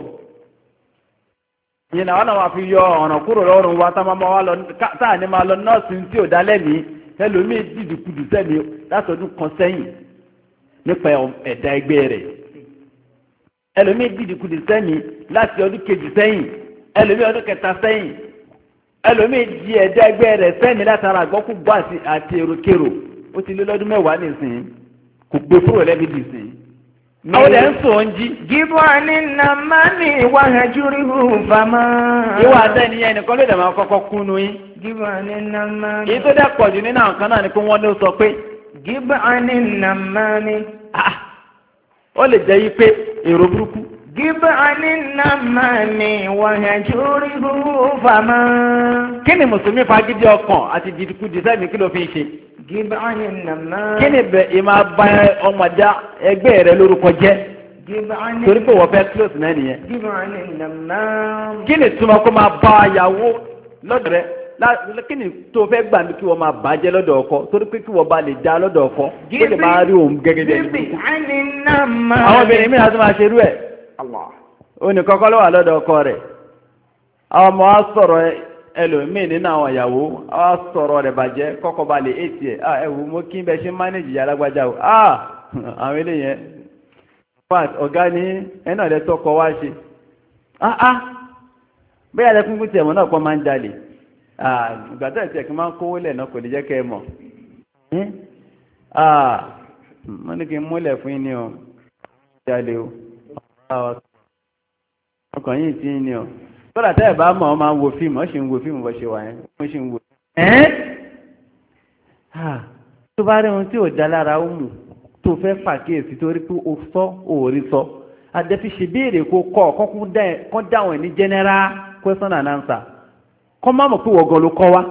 ìyẹn àwọn àwọn àfi yọ ọ̀ràn kúrò lọ́rùn wa tá a ní máa lọ nọ́ọ̀sì tí ò dálẹ́ ní tẹlomi dìdìkudù sẹ́mi látọdún kan sẹ́yìn nípa ẹ̀dá ẹgbẹ́ rẹ̀ ẹlòmí dìdìkudù sẹ́mi láti ọdún kejì sẹ́yìn ẹlòmí ọdún kẹta sẹ́yìn ẹlòmí di ẹ̀dá ẹgbẹ́ rẹ̀ sẹ́mi látara àgbọ́kúgbọ́ àti èròkèrò ó ti lé lọ́dún mẹ́wàá nìsín kò gbé fúrò lẹ́bi dìsín awo dẹ nsọ nji. gibu ani na mami wahajurihu fama. iwọ adé ni yẹn nìkan ló dẹ̀ máa kọ́kọ́ kúnnu yín. èyí tó dẹ̀ nínú àwọn kan náà ni pé wọ́n sọ pé. gibu O le je ó lè jẹ́ yí pé èrò burúkú. gibu ani na mami wahajurihu fama. kí ni mùsùlùmí fagídí ọkàn àti jìdìkú kí ló fi ń kí ni bẹ i máa bá ọmọdé ẹgbẹ́ rẹ lórúkọ jẹ́ torí pé wọ́n fẹ́ close náà nìyẹn kí ni túmọ̀ kó máa bá àyàwó lọ́dọ̀ rẹ kí ni tó fẹ́ gbà mí kí wọ́n máa bàjẹ́ lọ́dọ̀ ọkọ torí pé kí wọ́n bá lè dá lọ́dọ̀ ọkọ kí lè máa rí òun gẹ́gẹ́ bí ẹni tó àwọn obìnrin mìíràn tó máa ṣe rú ẹ̀ ó ní kọ́kọ́ ló wà lọ́dọ̀ ọkọ rẹ̀ àwọn ọmọ wa sọ̀rọ̀ ẹlòmíì nínú àwọn ìyàwó á sọ̀rọ̀ rẹ̀ bàjẹ́ kọ́kọ́ bá lè èsì ẹ̀ ah, ẹ̀wù mo kí n ṣe mánéjì alágbájá o ah, àwọn eléyẹn fat ọ̀gá ní ẹ̀nà rẹ̀ tọkọ wá ṣe áá bẹ́ẹ̀ rẹ̀ kúnkún náà pọ́ máa ń jalè ah, ń tọ́lá tẹ́ ẹ̀ bá mọ̀ ọ́ máa ń wo fíìmù ọ́ sì ń wo fíìmù bọ́ ṣe wà yẹn mo sì ń wo. Ah, tó bá rí ohun tí ò dá lára ó mú tó fẹ́ pàkíyèsí torí pé o sọ òórí sọ àdẹ́fi ṣe béèrè kó kọ́ kọ́ dáhùn ẹ̀ ní general question and answer kọ́ má mọ̀ pé wọ́gọ́ ló kọ́ wa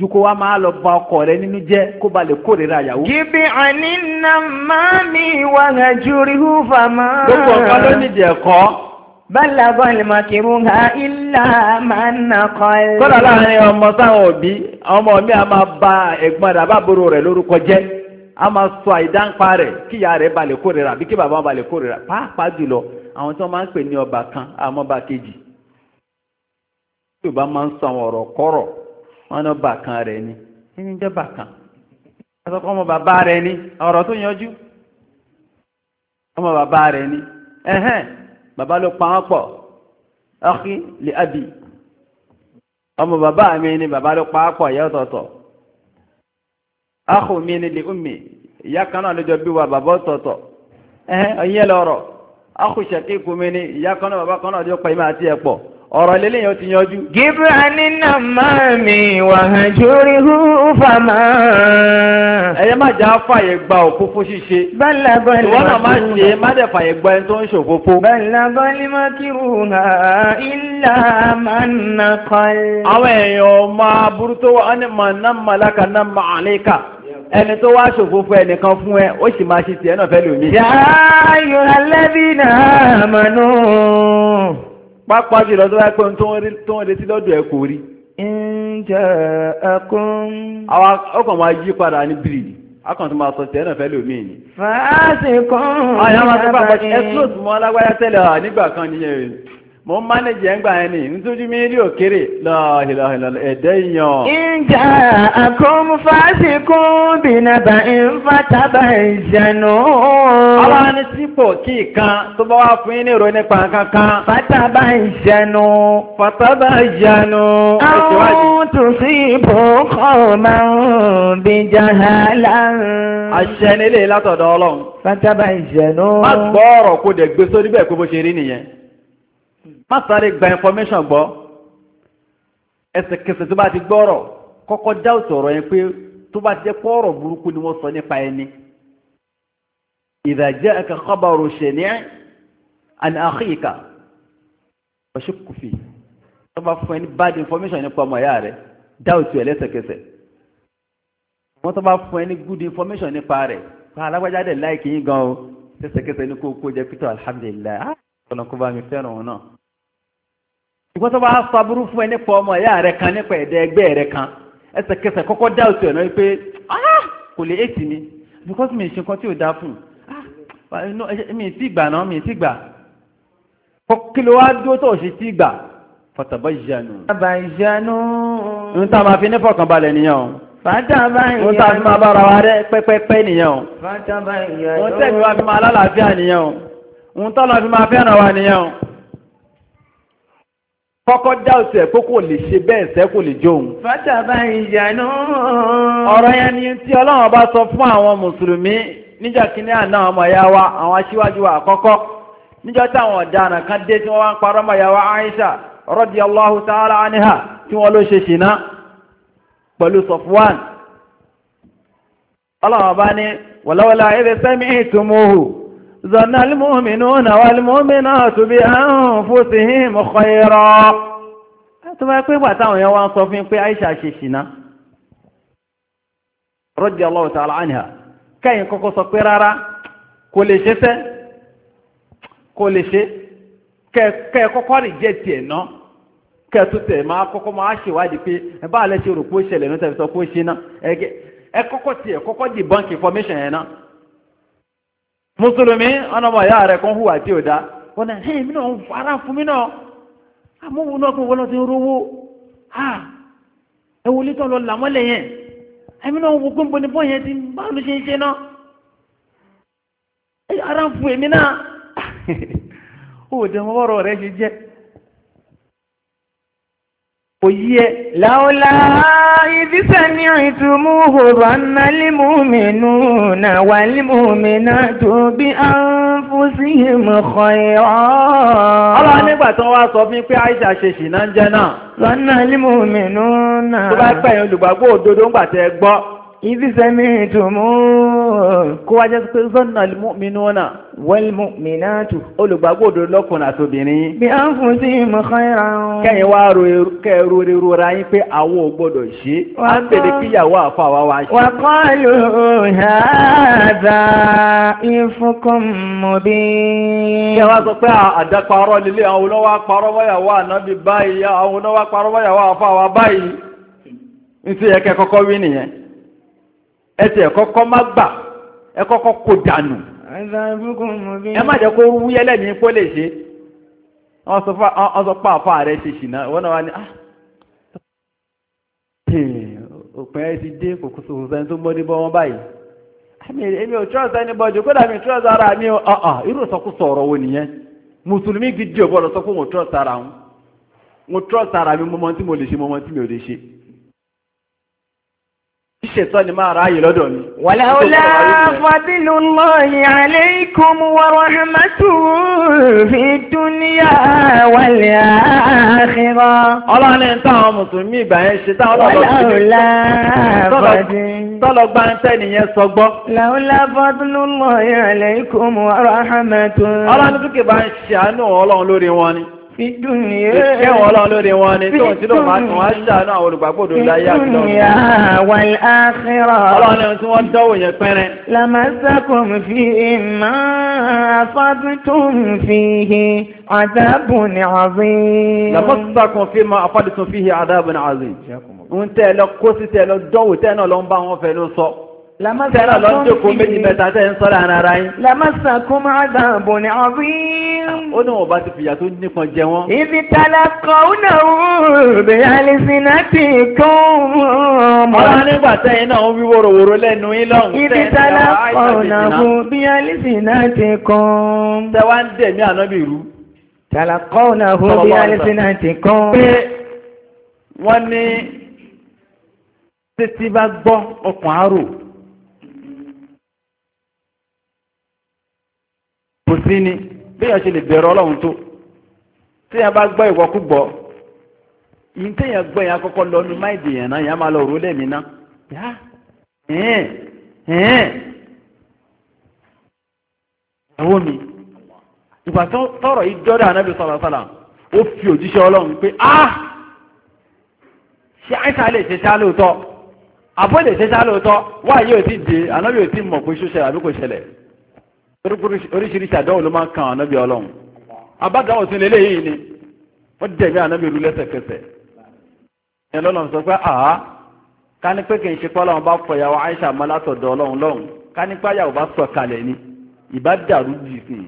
ju kó wa máa lọ ba ọkọ rẹ nínú jẹ́ kó ba lè kórìíra àyàwó. jíbi àní nà máa mi wà hàjúrí húfà máa. gbogbo ọ̀kan ló nídìí ẹ̀kọ́. bala ìlmọ̀kìrú ha ìlà máa ń láàrin ọmọ sáwọn òbí, ọmọ mi a máa ba ẹ̀gbọ́n rẹ̀ boro rẹ lórúkọ jẹ A máa sọ àìdánpá rẹ kí ya rẹ̀ balẹ̀ kórìíra àbí kí bàbá Pàápàá jùlọ, àwọn tí wọ́n máa ń pè ní ọba kan, àmọ́ ba kejì. Yorùbá máa ń sọ àwọn ni. ni, ọrọ tó yanjú. Ọmọ ni. bàbá ló pa wọ́n pọ̀ ọ́kí lè àbí ọmọ bàbá mi ni bàbá ló pa wọ́n pọ̀ ìyá ọ̀tọ̀ọ̀tọ̀ áhù mi ni lè ùmí ìyá kan náà lójọ bí wa bàbá ọ̀tọ̀ọ̀tọ̀ ẹ̀hẹ́n ọ̀yẹ́ lọ́rọ̀ áhù ṣẹ̀kí kú ni ìyá kan náà bàbá kan náà lójọ pa ìmọ̀ àti ẹ̀pọ̀ ọ̀rọ̀ lélẹ̀ yẹn ti yanjú. gibra nínà máa mi wàhájúrí húfà máa. ẹyẹ má jà fàyè gba òfófó ṣíṣe. bala bali ma kírun ha. ìwọ náà má dẹ̀ fàyè gba ẹni tó ń ṣòfófó. bala bali ma kírun ha ilà máa nà kọ́lé. àwọn èèyàn máa burú tó wà ní màá nà màláka nà màálíkà ẹni tó wá ṣòfófó ẹnìkan fún ẹ ó sì máa ṣe tiẹ̀ náà fẹ́ lómi. yàrá yóò alẹ́ bí náà mọ̀ pápá jùlọ tó bá pẹ́ ohun tó ń retí lọ́dọ̀ ẹ kò rí. ǹjẹ́ ẹkún. àwa ọkàn máa yí padà ní bìrì akọ̀ntún máa sọ tẹ́ẹ̀nà fẹ́ lómi ni. fàásì kan. àyà máa tó bá pàṣẹ ẹ mo ń mánéjì ẹ̀ngbà yẹn ni nítorí mi rí òkèrè lọ́ọ̀hìlọ́hìlọ́ ẹ̀dẹ́ yan. ìjà àkóhun fásikún bìnàbà ìfàtàbà ìjànú. ọlọ́run ní sípò kí kan tó bá wá fún yín ní ìròyìn nípa kankan. fàtàbà ìjànú. fàtàbà ìjànú. àwọn tòsí ìbò kọ́ máa ń bí jahala. àṣẹ nílé látọ̀dọ̀ ọlọ́run. fàtàbà ìjànú. má gbọ́ ọ̀rọ̀ kó dẹ̀ gbé sórí bẹ́ẹ̀ pé bó ṣe rí nìyẹn má sáré gba information gbọ́ ẹsẹ̀kẹsẹ̀ tó bá ti gbọ́rọ̀ kọ́kọ́ dá òtò ọ̀rọ̀ yẹn pé tó bá jẹ́ pọ́ọ̀rọ̀ burúkú ni wọ́n sọ nípa ẹni idha ja'aka khabaru shani' an akhika ọ̀ṣùkù fi tó bá fún ẹni bad information nípa ọmọ ìyá rẹ̀ dá òtò ẹ̀ lẹ́sẹ̀kẹsẹ̀ wọ́n tó bá fún ẹni good information nípa rẹ̀ fún alágbájáde láìkì yín gan o lẹ́sẹ̀kẹsẹ̀ ní kó kó jẹ́ peter alhamdulillah ọ̀nà kó bá mi fẹ́ràn òun náà. ìgbọ́n tó bá sọ́búrú fún ẹ nípa ọmọ ẹ̀yà rẹ kan nípa ẹ̀dẹ̀ ẹgbẹ́ rẹ kan ẹsẹ̀kẹsẹ̀ kọ́kọ́ dá òtún ẹ̀nà wípé ah, kò lè èsì mi because mi ṣe nǹkan tí ò dá fún ah, mi ti gbà náà mi ti gbà kí ló wá dúró tó ṣe ti gbà fọtàbọ ìyanu. bàbá ìyanu. ń tá a máa fi ní fọkànbalẹ̀ nìyẹn o. fàtàbà ìyanu. ń tá a fi máa bára wa rẹ pẹ́pẹ́pẹ́ nìyẹn o. fàtàbà ìyanu. ń tẹ̀mí wa fi máa lálàáfíà nìyẹn o. òun tọ́lọ̀ fi máa fẹ́ràn wa nìyẹn o kọ́kọ́ dá òsè pé kò lè ṣe bẹ́ẹ̀ sẹ́kò lè jó òun. fàtàbà ìyànà. ọ̀rọ̀ yẹn ni tí ọlọ́run bá sọ fún àwọn mùsùlùmí n'íjà kínní àná ọmọ ya wa àwọn aṣíwájú wa àkọ́kọ́ níjọ́ táwọn ọ̀daràn kan dé tí wọ́n wá ń parọ́ ọmọ ya wa Aisha radiyallahu ta'ala anha tí wọ́n ló ṣe ṣìnà pẹ̀lú ọlọ́run bá ní wàlọ́wọ́lá ظن المؤمنون والمؤمنات بأنفسهم خيرا tó bá pé wà táwọn èèyàn wá ń sọ fún pé Aisha ṣe ṣìná radiyallahu ta'ala anha káyìn kọ́kọ́ sọ pé rárá kò kẹ́ tó tẹ̀ máa kọ́kọ́ máa ṣèwádìí pé ṣe rò ṣẹlẹ̀ ní tẹ̀sán ṣe ẹ di náà mùsùlùmí ọ̀nàmọ̀ ìyá rẹ̀ kan hùwà tí ò da wọn náà hẹ́ẹ̀ mí náà fara fún mi náà amóhùn náà kò lọ sí ha lọ yẹn náà ti bá ṣe ń ṣe náà ara fún èmi náà ṣe kò yí ẹ. láọ́lá ìdísẹ́ ní ìtumú hòrò nálímùmí nù nà wà límùmí náà tó bí a ń fún sí ìmọ̀kọ̀ ẹ̀họ́. ọlọ́ nígbà tí wọ́n wá sọ fún pé Aisha ṣe ṣìnà ń jẹ́ náà. lọ́nà límùmí nù nà. tó bá pẹ̀yìn olùgbàgbọ́ òdodo ń gbà tẹ́ gbọ́. إذ سمعتموه kó wá jẹ́ pé zọ́nà mọ́mìnúnà wẹ́lmọ́mìnàtù olùgbàgbọ́dọ̀ lọ́kùnrin àtòbìnrin. bí a ń fún sí mọ̀kànlá. kẹ́yìn wá kẹ́rù ríru ra yín pé àwọn ò gbọ́dọ̀ ṣe á pèlè kíyàwó àfa wa wá ṣe. wàkọ́lù hàdà ìfúnkún mọ̀bí. kẹ́ wá sọ pé àdàparọ́ lílé àwọn olówó àparọ́ wáyàwó ànábì ẹsẹ̀ kọ́kọ́ má gbà ẹ kọ́kọ́ kò dànù ẹ má jẹ́ kó wúyẹ́ lẹ́mìí kó lè ṣe wọ́n sọ fún àfọ́ rẹ̀ ṣe ṣìnà wọ́n náà wá ní ah! òpin ẹ ti dé kò kòsò òsàn tó mọ́ níbọ̀ wọn báyìí èmi ò trọ́ọ̀sì ẹnibọ́jú kódà mi trọ́ọ̀sì ara mi ọ̀ọ̀ irú ìsọkúsọ ọ̀rọ̀ wo nìyẹn mùsùlùmí gidi ò gbọ́dọ̀ sọ pé mo trọ́ọ̀sì ara wọn mo trọ́ọ̀sì ara mi mo mọ tí mo lè ṣe mo tí mi ò lè ṣe. Ṣètọ́ ni máa ráyè lọ́dọ̀ mi. Wàláwùlá fàbílù lọ́yìn àléìkùn wọ̀rọ̀ ẹ̀mẹ́tù fi dúníyà wàlẹ̀ àkírọ́. Ọlọ́run ní táwọn Mùsùlùmí ìgbà yẹn ṣe táwọn ọlọ́run tọ́lọ́gbà ń tẹ́ Ìṣẹ́wọ̀n ọlọ́run lórí wọn ni tó tí ló máa tún wá ṣàánú àwọn olùgbàgbòdò láyé àtìlọ́run. Ọlọ́run tí wọ́n dọ́wò yẹn pẹ́rẹ́. Làmásàkùn fi ìmọ̀ àfọ́dútùn fi ó ní wọn bá ti fìyà tó nípọn jẹ wọn. ibi tala kan ó náà wò bí alisina ti kún un. ọ̀rọ̀ nígbà tẹ́yìn náà ń wí wòròwòrò lẹ́nu yín lọ́hùn. ibi tala kan ó náà wò bí alisina ti kún un. tẹ́wá ń dẹ̀mí ànábì rú. tala kan ó náà wò bí alisina ti kún un. pé wọ́n ní títí bá gbọ́ ọkàn àrò. kò sí ni béèyàn ṣe lè bẹ̀rẹ̀ ọlọ́run tó téèyàn bá gbọ́ ìwọkúgbọ́ yìí téèyàn gbọ́ yẹn akọ́kọ́ lọ nu máìdì yẹn náà yẹn á máa lọ rólẹ̀ mí ná ẹ̀wọ́ mi ìgbà tọ́rọ̀ yìí dọ́dọ̀ ànábì sọ̀rọ̀ ó fi òjíṣẹ́ ọlọ́run pé ah ṣe àìsàn lè ṣe ṣá lóòótọ́ àbọ̀ lè ṣe ṣá lóòótọ́ wáyé ò ti dé ànábì ò ti mọ̀ pé ṣó ṣẹlẹ̀ àbí kò ṣẹlẹ̀ oríṣiríṣi àdáwò ló máa ń kan ànábì ọlọ́run abádáwò sí lélẹ́ yìí ni wọ́n dẹ̀mí ànábì rú lẹ́sẹ̀kẹsẹ̀ ẹ lọ́nà sọ pé àá ká ní pé kì í ṣe pé ọlọ́run bá fọ ìyàwó Aisha mọ́ látọ̀dọ̀ ọlọ́run lọ́hùn ká ní pé àyàwó bá sọ kalẹ̀ ni ìbá dàrú jì sí i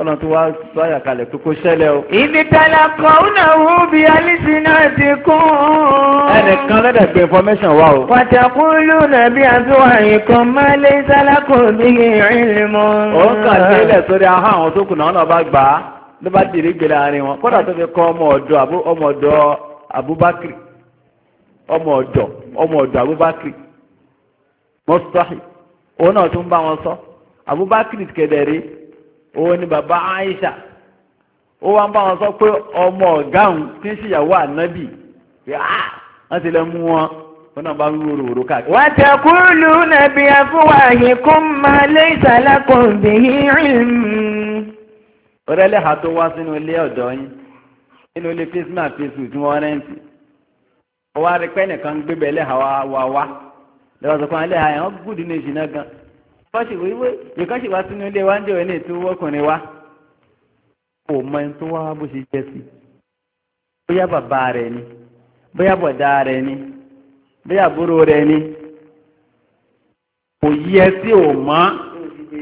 ọ̀nà tó wá sọ àyàkalẹ̀ pé kó ṣẹlẹ̀ o. ibi tala kọ una wo bi alisina ti kún. ẹnìkan lọ́dẹ̀ gbé information wa o. pàtàkùlù nàbí àtúwàyìn kan máa lé sálákò bí ìrìnlẹ̀mọ́. ó kàn sílẹ̀ sórí ahọ́n àwọn tó kù náà náà bá gbà á ló bá dìrí gbèrè àárín wọn kódà tó fi kọ́ ọmọ ọ̀dọ̀ ọmọ ọ̀dọ̀ Abubakar ọmọ ọ̀dọ̀ ọmọ ọ̀dọ̀ Abubakar mọ́sáhì òun náà tún bá wọn sọ òun ni bàbá Aisha ó wá ń bá wọn sọ pé ọmọ ọ̀gá tí ń ṣìyàwó ànábì pé ah wọ́n ti lè mú wọn wọn náà bá ń wúro òrò káàkiri. wàtẹ̀kùlù nàbí afúwàhìn kún máa lé ìsàlákùn bìí ọ̀rẹ́lẹ̀ ha tó wá sínú ilé ọ̀dọ́ yín nínú ilé christmas fesu tí wọ́n rẹ́ǹtì wá rí lẹ́hà wá wá ha wọ́n gan-an. fọ́ṣì wíwé ìkan ṣì wá sínú ilé wa ń jẹ́ òní tí wọ́kùnrin wa kò mọ ẹni tó wá bó ṣe jẹ́ sí bóyá bàbá rẹ̀ ni bóyá bọ̀dá rẹ̀ ni bóyá àbúrò rẹ̀ ni kò yí ẹ sí ò mọ́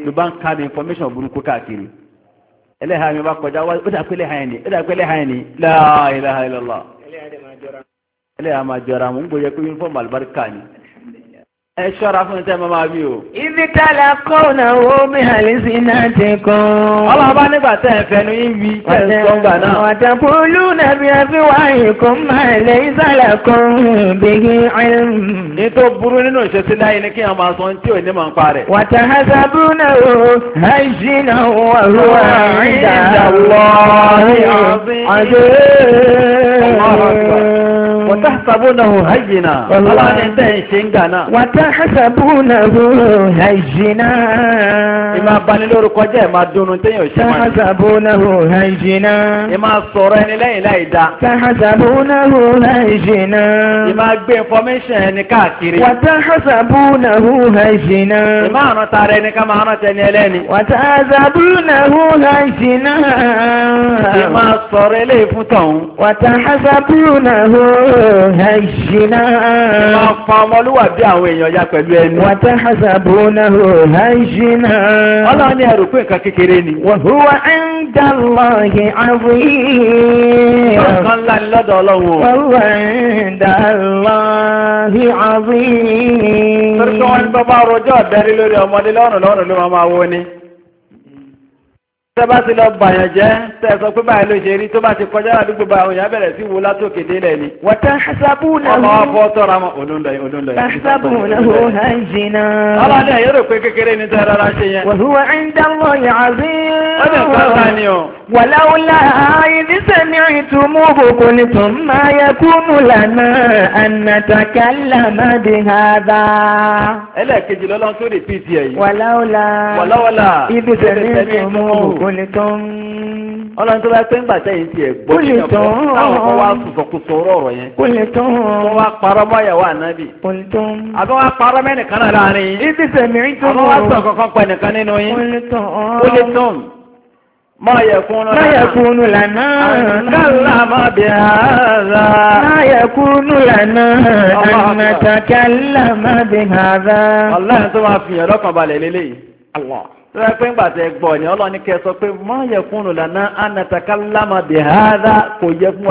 ló bá ń ka ní information burúkú káàkiri ẹlẹ́hàá mi bá kọjá wá ó dàpẹ́ ẹlẹ́hàá yẹn ni ó dàpẹ́ ẹlẹ́hàá yẹn ni la ilaha illallah ẹlẹ́hàá máa jọra mo ń gbọ́ yẹ pé uniform àlùbáríkà ni ẹ ṣọ́ra fún ìtẹ́ mọ́má bí o. ibi tálà kọ́ọ̀nà wo mi àlìsí náà ti kàn. ọlọ́ba nígbà tẹ́ ẹ fẹnu yín wí tẹ́ ẹ sọ́ngbà náà. ọ̀tẹ̀pọ̀lù nàbí àfihàn kan máa lẹ ìsàlà kan bèyí ẹ̀rùn. ní tó burú nínú ìṣesí láyé ni kí n máa sọ tí ò ní máa ń parẹ́. wàtà hasabu náà o àìsí náà wà ló wà ń dà wọ́ ọ̀rẹ́ ọ̀sìn wọ́tá sàbónàhù hajjina aláàrin tẹ́ ń ṣe ń gànà. wọ́tá sàbónàhù hajjina. ìmá banilórúkọ jẹ́ ìmá dunu téèyàn ṣe máa. tá sàbónàhù hajjina. information ẹni káàkiri. wọ́tá sàbónàhù hajjina. ìmá àrùn tààrẹ ẹni ká máa rán tẹni ẹlẹ́ni. wọ́tá sàbónàhù hajjina hajjina. Máa pa ọmọlúwàbí àwọn èèyàn ya pẹ̀lú ẹnu. Wa tahsabunahu hajjina. Ọlọ́run ní ẹ̀rù pé nǹkan kékeré ni. Wa huwa 'inda Allahi 'azim. Nǹkan ńlá ni lọ́dọ̀ Ọlọ́run. Wa huwa 'inda Allahi 'azim. Torí pé wọ́n ń bọ́ bá rojọ́ ọ̀bẹ́rí lórí ọmọdé lọ́rùn lọ́rùn ló máa wọ ni tẹ́bá ti lọ bàyàn jẹ́ tẹ̀sán pé báyìí ló ṣe rí tó bá ti kọjá àdúgbò bá àwọn èèyàn bẹ̀rẹ̀ sí wo látòkè délẹ̀ ni. wọ́tá ṣàbù náà wò. ọmọ ọkọ tọrọ àwọn olóńdọ yìí olóńdọ yìí. ṣàbù náà wò á jìnnà. ọlọ́dẹ yóò rò pé kékeré ni tẹ́ rárá ṣe yẹn. wàhùwà ń dánwò yàrá. ó lè sọ ọ́ ni o. wàláwùlà ìdísẹ́ni ìtumú kòkò ni máa yẹ kúnnù lànà ànàtàkàlà má di hàdà. ẹlẹ́ẹ̀kejì lọ́lọ́ kúlì tán. ọlọ́run tó bá pé ń gbàtẹ́ yìí ti ẹ̀ gbọ́ kúlì tán. táwọn kan wá sọ̀kòsọ̀ ọ̀rọ̀ yẹn. kúlì tán. wọ́n wá parọ́ mọ́yàwó ànábì. kúlì tán. àbí wọ́n parọ́ mẹ́nìkan náà láàrin yín. ibi sẹ̀mí ń tó. àwọn wá sọ kankan pẹ̀ nìkan nínú yín. kúlì tán. kúlì tán. ما يكون لنا ما يكون لنا نتكلم بهذا ما يكون لنا أن نتكلم بهذا الله أنتم في يدكم بالليل الله tọ́wọ́ pé ń gbàtẹ́ gbọ́ ni ọlọ́ni sọ pé má yẹ fún un lànà ànàtàkà lámà bẹ̀ hàdá kò yẹ fún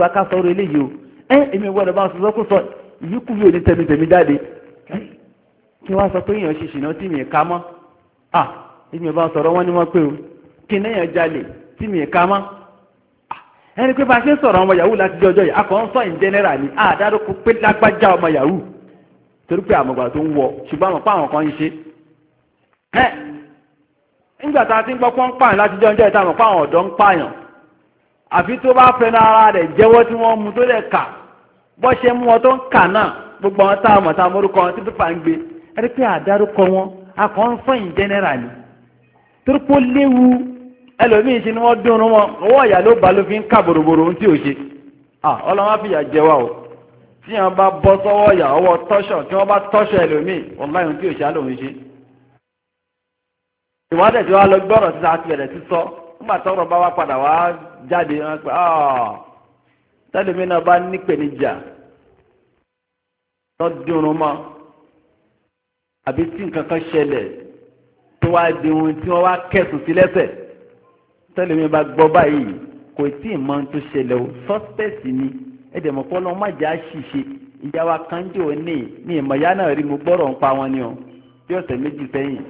wa kò o ẹ èmi gbọ́dọ̀ bá sọ sọ ìyíkú yóò ní jáde kí wọ́n sọ pé èèyàn mi ká mọ́ à èmi bá sọ̀rọ̀ wọ́n wọ́n pé ọmọ yahoo láti jọjọ yìí akọ̀ ń sọ in general ni pé lágbájá ọmọ yahoo torí pé àmọ̀gbà tó nígbà tá a ti ń gbọ́ pọ́n pààyàn láti jọ ń jẹ́ ìtàmọ̀ fáwọn ọ̀dọ́ ń pààyàn àfi tó bá fẹnu ara rẹ̀ jẹ́wọ́ tí wọ́n mú tó lẹ̀ kà bọ́ ṣe mú wọn tó ń kà náà gbogbo wọn tá a mọ̀ tá a mórúkọ wọn tí pípa ń gbé ẹni pé àdárúkọ wọn akọ̀ ń fọ́ in general torí pé ó léwu ẹlòmíín ṣe ni wọ́n dúnrú wọn owó ọ̀yà ló bá ló fi ń kà bòròbòrò ohun tí ò ṣe ọlọ́wọ́n fìyà jẹ wa o tí wọn bá bọ́ sọ́wọ́ ọ̀yà ọwọ́ tọ́ṣọ̀ tí wọ́n bá tọ́ṣọ̀ ẹlòmíín ọ̀la ohun tí ò ṣe á lòun ṣe ìwádìí tí wọ́n lọ gbọ́rọ̀ sí àti bẹ̀rẹ̀ sísọ nígbà tọrọ bá wá padà wá jáde wọn pé tẹ́lẹ̀mí náà bá nípèníjà tó dúró mọ́ àbí tí nǹkan kan ṣẹlẹ̀ tó wá di ohun tí wọ́n wá kẹ̀sùn sí lẹ́sẹ̀ tẹ́lẹ̀mí bá gbọ́ báyìí kò tí ì mọ ohun tó ṣẹlẹ̀ o sọ́spẹ̀sì ni ẹ̀dẹ̀mọ̀pọ̀ lọ́wọ́ má jẹ́ àṣìṣe ìyá wa kanjọ́ ní ní ìmọ̀yá náà rí mo gbọ́rọ̀ ń pa wọn ni o bí ọ̀sẹ̀ méjì sẹ́yìn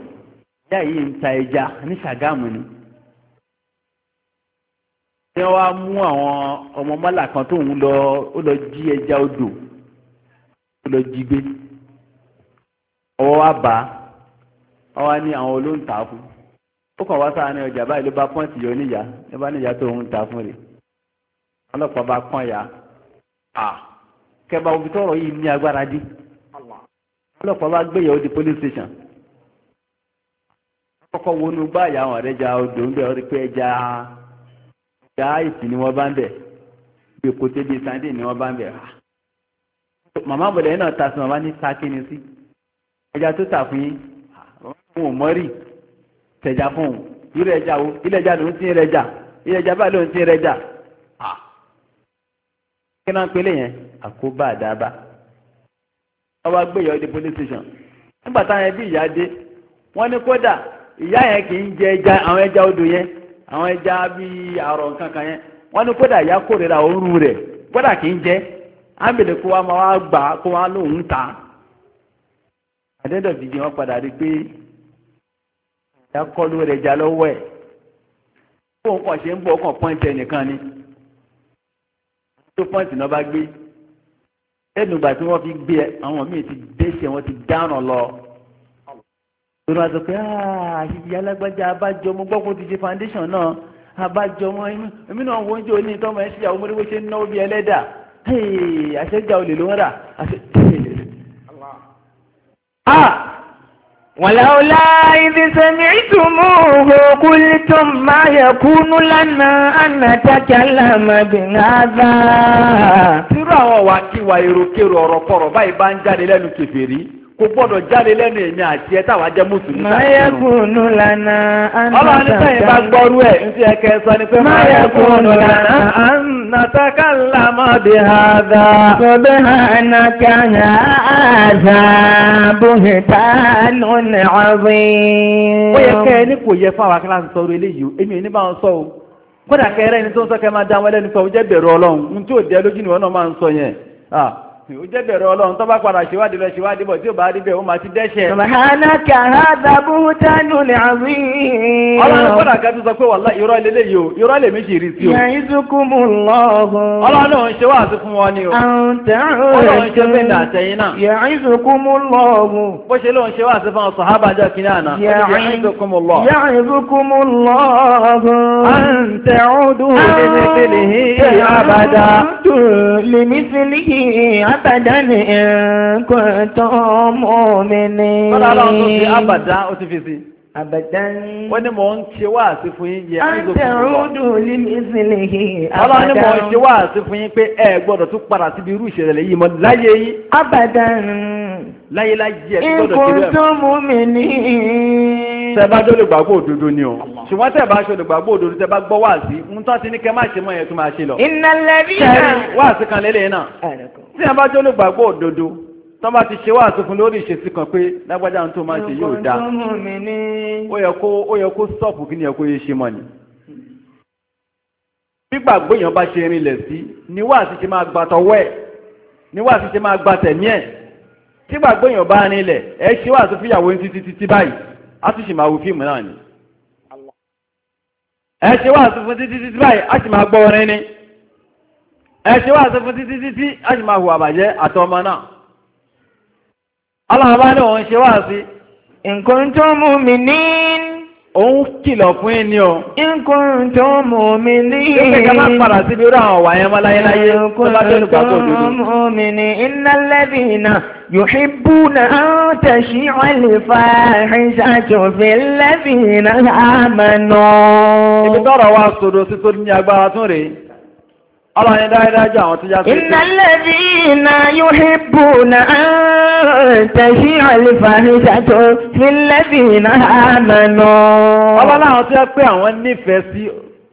ìyá yìí ń ta ẹja ní Ṣàgámù ni tí wọ́n wá mú àwọn ọmọ mọ́là kan tó ń lọ ó lọ jí ẹja odò ó lọ jí gbé ọwọ́ wa bá ọwọ́ ní àwọn olóńtà fún ó kàn wá sáà ní ọjà báyìí ló bá pọ́ǹtì yọ níyà ló bá níyà tó ń ta fún rẹ̀ ọlọ́pàá bá pọ́n ya kẹba òbí tọrọ yìí ní agbára dé ọlọ́pàá bá gbéyàwó di police station. kọ́kọ́ wọnú gbáàyà àwọn ẹ̀rẹ́jà odò ń bẹ̀ ọ́ rí pé ẹja ẹja ìsì ni wọ́n bá ń bẹ̀ bí èkóté bíi ni wọ́n bá ń bẹ̀ rà. Ah! màmá bọ̀dẹ̀ yìí náà ta sí màmá ní ta sí ẹja tó tà fún yín mọ́rì fún òun ẹja wo ilé ẹja ń ẹja ń ah! kí náà yẹn àkóbá àdába wọ́n gbé police station nígbà táwọn ìyá yẹn kì í jẹ ẹja àwọn ẹja odò yẹn àwọn ẹja bíi àrọ̀ kankan yẹn wọn ni kódà ìyá kórìíra òórùn rẹ kódà kì í jẹ ábìlẹ̀ kó wa máa wá gbà kó wa lóun ta àdéhùn ìdíje wọn padà rí pé ìyá kọlu rẹ já lọ́wọ́ kó ń kàn ṣe ń ọkàn pọ́ǹtì ẹnìkan ni tó pọ́ǹtì náà bá gbé ẹnu tí wọ́n fi gbé àwọn míì ti wọ́n ti dáràn lọ. torí wọ́n sọ pé àṣìṣe ah, alágbájá abájọ mo gbọ́ kó ti ṣe foundation náà abájọ mọ́ èmi náà wọ́n jẹ́ òní tọ́mọ ẹ̀ ṣíyàwó mọ́lẹ́wọ́ ṣe ń náwó bí ẹlẹ́dà àṣẹjà olè ló ń rà ولولا إذ سمعتموه قلتم ما يكون لنا أن نتكلم بهذا. Irú àwọn wàkíwà èrò kérò ọ̀rọ̀ kọ̀rọ̀ báyìí bá ń jáde lẹ́nu kèfèrí. kò gbọ́dọ̀ jáde lẹ́nu èmi àti ẹ táwa jẹ́ mùsùlùmí. máyà kùnú lànà ànátàkà. ọlọ́run sẹ́yìn bá gbọ́rú ẹ̀ ń fi ẹ̀kẹ́ sọ ni pé. máyà kùnú lànà ànátàkà làmọ́dé àdá. sọ́dọ̀ ànàkà yà àdá bùhìtà lónìí ọ̀rìn. ó yẹ kẹ́ ẹ ní kò yẹ fún àwọn akíláàsì sọ̀rọ̀ eléyìí o èmi ò ní bá wọn sọ o kódà tó ń sọ máa dá wọn lẹ́nu sọ pè ó jẹ́ bẹ̀rẹ̀ ọlọ́run tó bá padà ṣèwádìí lọ ṣèwádìí bọ̀ tí ò bá rí bẹ́ẹ̀ ó máa ti dẹ́ṣẹ̀. subhanaka hadha buhtanun azim. ọlọ́run kọ́dà kan ti sọ pé wàlá irọ́ lélẹ̀ yìí o irọ́ lè méjì rí sí o. ya'izukumullahu. ọlọ́run ṣe wàásù fún wọn ni o. àwọn tẹ̀rù rẹ̀ ṣe àtẹ̀yìn náà. ya'izukumullahu. bó ṣe lóun ṣe wàásù àbàdá ni ẹ̀kọ́ tó mú mi ní. Bọ́lá lọ́wọ́ tó fi àbàdá ó ti fi sí. Àbàdá ni. Wọ́n ní mò ń ṣe wá àti fún yín yẹ. À ń tẹ̀rù dùn ní ìsìnlẹ̀ yìí. Bọ́lá ní mò ń ṣe wá àti fún yín pé ẹ gbọ́dọ̀ tún padà síbi irú ìṣẹ̀lẹ̀ yìí mọ́ láyé yín. Àbàdá ni. Láyé láyé ẹ gbọ́dọ̀ kí lẹ́ẹ̀. Ẹ̀kọ́ tó mú mi ní tẹ bá jọ olùgbàgbọ́ òdodo ni o ṣùgbọ́n tẹ bá ṣe olùgbàgbọ́ òdodo tẹ bá gbọ́ wáàsí ń tọ́ ti ní kẹ́ máa ṣe mọ́ yẹn tó máa ṣe lọ. iná lẹ́bí náà. wáàsí kan lélẹ̀ náà. tí a bá jẹ́ olùgbàgbọ́ òdodo tán ti ṣe wá àtúnfún lórí ìṣesí kan pé lágbájá tó máa ṣe yóò ó yẹ kó sọ́ọ̀pù kí ni ṣe ni gbígbàgbọ́ èèyàn bá ṣe rinlẹ̀ sí ni wá àti ṣe máa gba tọwọ́ ẹ̀ ni wá àti ṣe máa gba tẹ̀mí ẹ̀ tí gbàgbọ́ èèyàn bá rinlẹ̀ ẹ ṣe wá àtúnfún ìyàwó yín títí títí báyìí sì ṣe máa wo fíìmù náà ni ẹ ṣe wá àtúnfún títí títí báyìí sì máa gbọ́ ni. ẹ̀ṣẹ́ wà sí fún títí títí ẹ̀ṣì máa hùwà bàjẹ́ àtọmọ náà aláàbá ní òun ṣe wà sí nǹkan tó mú mi ní òun kìlọ̀ fún ẹni o nǹkan tó mi ní máa padà síbi irú àwọn ọ̀wà yẹn tó bá tó nípa tó dúdú. nǹkan tó mú mi ní iná lẹ́bí náà ibi wa Ọlọ́run ni dáadájú àwọn tó já sí. Innal ladhina yuhibbuna an tashi'a al-fahishatu fil ladhina amanu. Ọlọ́run àwọn tó yẹ pé àwọn nífẹ̀ẹ́ sí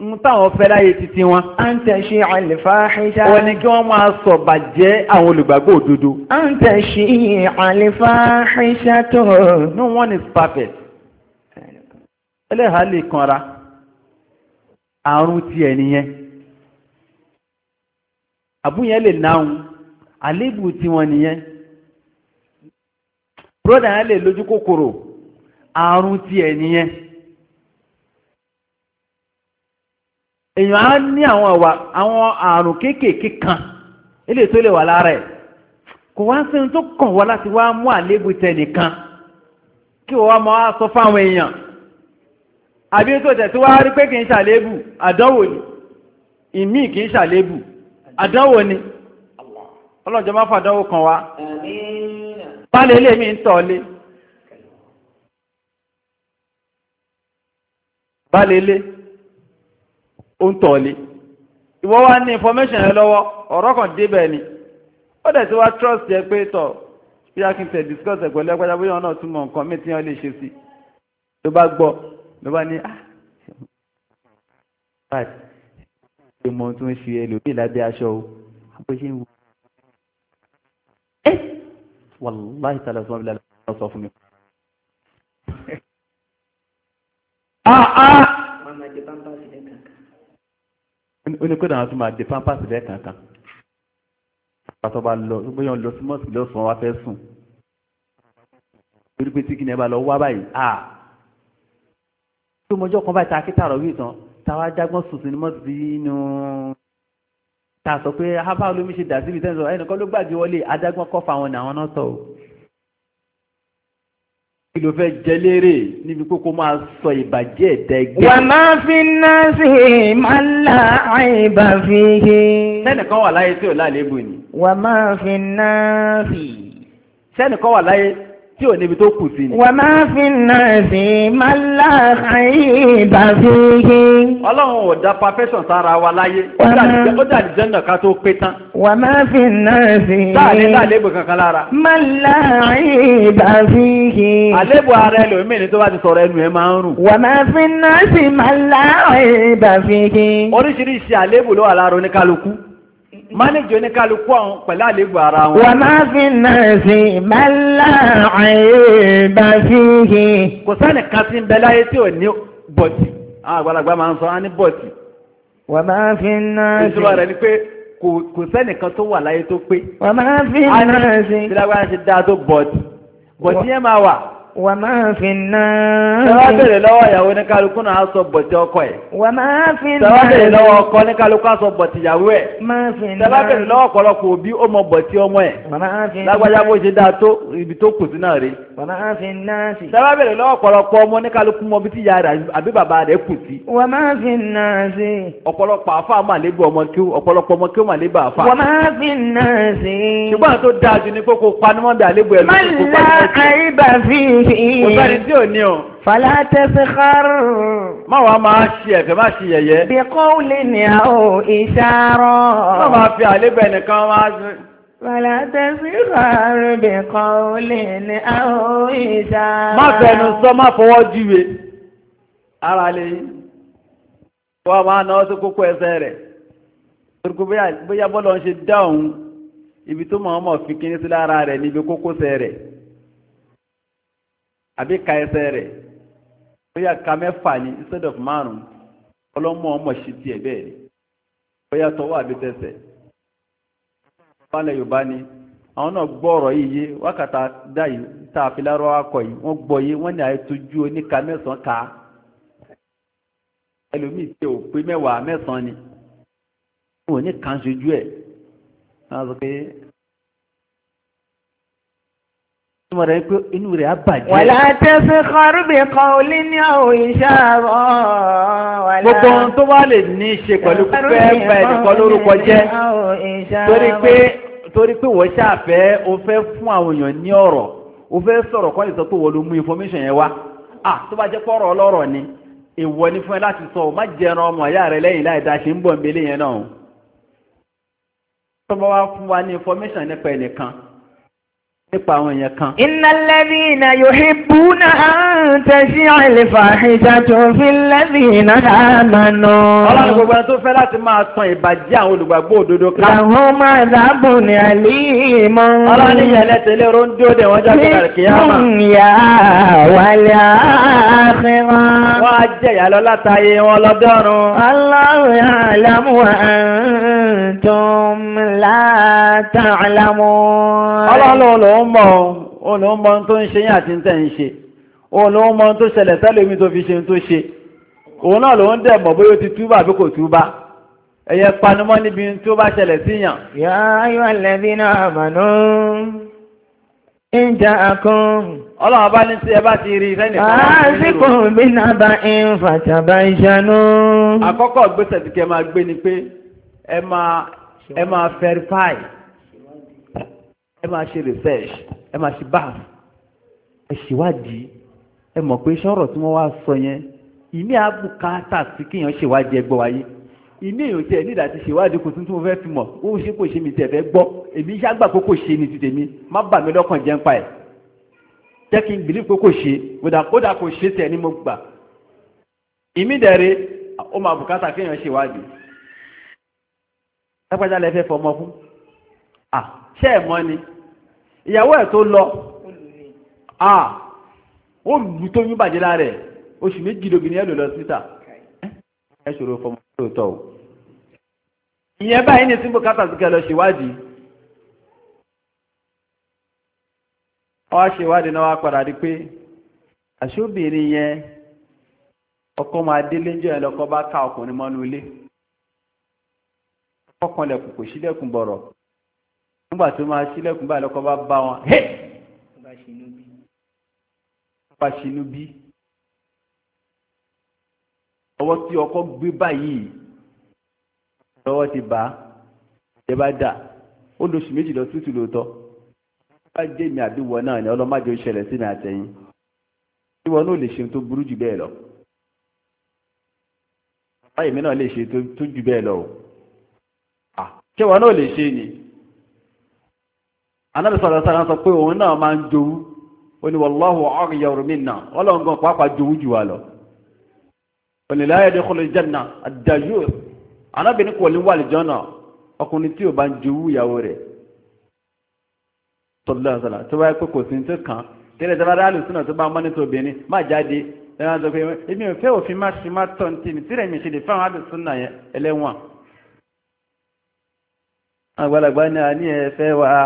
ń táwọn fẹ́ láyé títí wọn. an tashi'a al-fahisha. wọ́n ní kí wọ́n máa sọ bàjẹ́ àwọn olùgbàgbọ́ òdodo. an tashi'a al-fahisha tó. no one is perfect. ẹlẹ́hàá lè kanra àrùn tiẹ̀ nìyẹn àbúyẹn lè náhun àlébù tí wọ́n nìyẹn broda yẹn lè lójú kòkòrò àrùn ti ẹ̀ nìyẹn èèyàn á ní àwọn àwà àwọn àrùn kéékèèké kan eléyìí tó lè wà lára ẹ̀ kò wá sí ohun tó kàn wá láti wá mú àlébù tẹ nìkan kí wọ́n wá máa sọ fáwọn èèyàn àbí tó tẹ̀ tí wọ́n á rí pé kì í ṣàlébù àdánwò ni ìmíì kì í ṣàlébù àdánwò ni ọlọ́jọ́ má fàdánwò kan wá bálẹ̀ ilé mi ń tọ̀ọ́lé bálẹ̀ ilé ó ń tọ̀ọ́lé ìwọ wá ní information rẹ lọ́wọ́ ọ̀rọ̀ kan débẹ̀ ni ó dẹ̀ tí wá trust yẹ pé tọ̀ bí a kì í tẹ̀ discuss ẹ̀ pẹ̀lú ẹgbẹ́ta bóyá náà túmọ̀ nǹkan mí tí wọ́n lè ṣe sí ló bá gbọ́ ló bá ní ah pé mo tún ṣe ẹlòmíì lábẹ́ aṣọ o àpò ṣe ń wù. ẹ wàláhì tààlà sọ bí lálẹ́ sọ fún mi. Ah, ah! ó ní kó dàá tún máa dé pampasì bẹ́ẹ̀ kankan pàtó bá lọ bóyá ń lọ sí mọ́ọ̀sì lọ́sàn-án wá fẹ́ sùn torí pé tí kìnìún bá lọ wá báyìí tó ah! mọjọ́ kan báyìí ta kí tààrọ̀ wí tán tàwa jágbọ́n sùn sí ni mọ́ sí inú ta pé hábà olómi ṣe dà síbi tẹ́sán ẹnìkan ló gbàgbé wọlé adágbọ́n kọ́ fáwọn náà wọn náà sọ o fẹ́ jẹ níbi kókó máa sọ ìbàjẹ́ ẹ̀tẹ́gbẹ́. wà máa fi náà sí máa la fi he. sẹ́nìkan wà láyé tí ò láàlébù ni. wà máa fi náà fi. sẹ́nìkan wà láyé tí ò níbi tó kù sí ni. wà máa fi náà sí mọ́lá àìbá fi yé. ọlọ́run ò dá perfection sára wa láyé ó dàdí jẹ́nà ká tó pé tán. wà máa fi náà sí. láàrin láàlébù kankan lára. mọ́lá àìbá fi yé. àlébù ara ẹlòmíì ni tó bá ti sọ̀rọ̀ ẹnu ẹ̀ máa ń rùn. wà máa fi náà sí mọ́lá àìbá fi yé. oríṣiríṣi àlébù ló wà lára oníkálukú mánéjì oníkálukú ọ̀hún pẹ̀lú àlébù ara wọn. wọ́n máa fi náà sí bálá àyè bá sí i. kò sẹ́ni kan tí ń bẹ láyé tí ò ní bọ̀tì àgbàlagbà máa ń sọ á ní bọ̀tì. wọ́n máa fi náà sí. ìṣúra rẹ̀ ni pé kò sẹ́ni kan tó wà láyé tó pé. wọ́n máa fi náà sí. àní ìṣúra wa dáa tó bọ̀tì bọ̀tì yẹn máa wà wà máa fi náà. tẹ́wá bèrè lọ́wọ́ ìyàwó ní kálukú náà sọ bọ̀tì ọkọ ẹ̀. wà máa fi náà. tẹ́wá bèrè lọ́wọ́ ọkọ ní kálukú sọ bọ̀tì ìyàwó ẹ̀. máa fi náà. tẹ́wá bèrè lọ́wọ́ ọ̀pọ̀lọpọ̀ òbí ó mọ bọ̀tì ọmọ ẹ̀. máa fi náà. lágbájá bó ṣe dáa tó ibi tó kù sí náà rí. wà máa fi náà sí. tẹ́wá bèrè lọ́wọ́ ọ̀pọ̀lọpọ̀ ọmọ ní yìí. kò sẹ́ni tí ò ní o. fàlà tẹ̀sí xarú. má wàá máa ṣi ẹ̀fẹ̀ má ṣi yẹ̀yẹ́. bí kò lè ní àwọn ìṣàrọ̀. má máa fi àlébẹ̀ nìkan máa. fàlà tẹ̀sí xarú bí kò lè ní àwọn ìṣàrọ̀. má fẹnu sọ má fọwọ́ júwe. ara lè yí. wọ́n máa náwó sí kókó ẹsẹ̀ rẹ̀. torí pé bóyá bọ́lá ń ṣe dáhùn ibi tó máa mọ̀ fi kíní sí lára rẹ̀ níbi kókósẹ̀ rẹ̀ àbí ka ẹsẹ̀ rẹ̀ bóyá ka mẹ́fà ni instead of márùn-ún ọlọ́mọ ọmọ ṣì tiẹ̀ bẹ́ẹ̀ ni bóyá tọwọ́ àbí tẹsẹ̀ falẹ̀ yorùbá ni àwọn náà gbọ́ yìí yé wákàtà dá yìí tá a fi lárọ́ akọ yìí wọ́n gbọ́ yé wọ́n ní àìtójú oníka mẹ́sàn-án ká ẹlòmíì tí o pé mẹ́wàá mẹ́sàn-án ni wọn ní kàn ṣojú ẹ̀ wọ́n á sọ pé túmọ̀ rẹ̀ pé inú rẹ̀ á bàjẹ́. wàlá tẹ́sí kọ́rùbì kan ó lé ní àwọn ìṣàrọ̀. gbogbo ohun tó wá lè ní í ṣe pẹ̀lú pípẹ́ ẹ̀fà ẹ̀dùnkọ́ lórúkọ jẹ́ torí pé torí pé wọ́n ṣàfẹ́ o fẹ́ fún àwọn èèyàn ní ọ̀rọ̀ o fẹ́ sọ̀rọ̀ kọ́ ìsọ tó wọ́n ló mú information yẹn wá ah tó bá jẹ́ pọ̀rọ̀ ọlọ́rọ̀ ni èèwọ̀ ni fún ẹ láti sọ má jẹran ọmọ ìyá rẹ lẹ́yìn láì dáa ṣe ń bọ̀ ń belé yẹn náà. tó bá wá fún wa ní information nípa ẹnìkan nípa àwọn èèyàn kan. Innal ladhina yuhibbuna an tashi'a al-fahishatu fil ladhina amanu. Ọlọ́run gbogbo ẹni tó fẹ́ láti máa tan ìbàjẹ́ àwọn olùgbàgbọ́ òdodo ká. Lahum adhabun alim. Ọlọ́run yẹn lẹ́tẹ̀lé oró ń dúró dé wọ́n jáde kàrí kìí àmà. Dunya wal Wọ́n á jẹ ìyàlọ́ látàyè wọn lọ́dọ́run. Allahu ya'lamu Ọlọ́run lọ́wọ́ òun mọ̀ òun lòun mọ̀ tó ń ṣe yín àti tẹ̀ ń ṣe òun lòun mọ̀ tó ṣẹlẹ̀ tẹ́lẹ̀mí tó fi ṣe tó ṣe òun náà lòun dẹ̀ mọ̀ bóyá ó ti túbà bí kò túbà ẹ̀yẹ panumọ́ níbi tó bá ṣẹlẹ̀ síyàn. yā ayyuhalladhīna āmanū in jā'akum. ọlọ́run bá ní tí ẹ bá ti rí rẹ́nì kan. àásìkò bí nàbà ń fàtàbà ìṣànú. àkọ́kọ́ gbèsè tí ẹ máa ṣe research ẹ máa ṣe báàf ẹ ṣèwádìí ẹ mọ̀ pé sọ̀rọ̀ tí wọ́n wá sọ yẹn ìní àbùkátà sí kéèyàn ṣèwádìí ẹgbọ́ wáyé ìní èèyàn tiẹ̀ nígbà tí ṣèwádìí kò tuntun fẹ́ fi mọ̀ ó ṣe kò ṣe mi tẹ̀ fẹ́ gbọ́ èmi iṣẹ́ àgbà kó kò ṣe ni ti tèmi má bà mí lọ́kàn jẹ́ ń pa ẹ̀ jẹ́ kí n bìlíf kó kò ṣe kódà kò ṣe tẹ̀ ni mo gbà ìmí dẹ̀rẹ̀ ó máa bùkátà kéèyàn ṣèwádìí lápájá lẹ fẹ́ fọmọ fún à ẹ̀ mọ́ ni ìyàwó ẹ̀ tó lọ ah ó lù tó yún bàjẹ́ lára ẹ̀ oṣù méjì lóbi ni ẹ lò lọ síta ẹ ṣòro fọmọ lóòótọ́ o ìyẹn báyìí ní símbò kátàsíkẹ lọ ṣèwádìí wọ́n ṣèwádìí náà wá padà rí pé àṣóbìnrin yẹn ọkọ máa délé ń jẹ́ ẹ̀ lọ́kọ́ bá ká ọkùnrin mọ́nú ilé ọkọ̀ kanlẹ̀kùn kò sílẹ̀kùn bọ̀rọ̀ nígbà tó máa ṣílẹ̀kùn báyìí lọ́kọ́ bá bá wọn hẹ́ bá ṣinú bí ọwọ́ tí ọkọ gbé báyìí lọ́wọ́ ti bá ẹ bá dà ó lóṣù méjì lọ tútù lóòótọ́ bá jẹ́ mi àbíwọ náà ni ọlọ́mọdé ó ṣẹlẹ̀ sí mi àtẹ̀yìn ìwọ náà lè ṣe tó burú jù bẹ́ẹ̀ lọ báyìí mi náà lè ṣe tó jù bẹ́ẹ̀ lọ o ṣé wọn náà lè ṣe ni anábì sọ̀rọ̀ sára sọ pé òun náà máa ń jowú ó ní wallahu aghyar minna ọlọ́ngàn pàápàá jowú jù wá lọ òní la yadkhulul janna ad-dayur anábì ní kò ní wà lè jọ́nà ọkùnrin tí ò bá ń jowú ìyàwó rẹ̀ tọ́lá sọ̀rọ̀ ni a ní ẹ fẹ́ wàá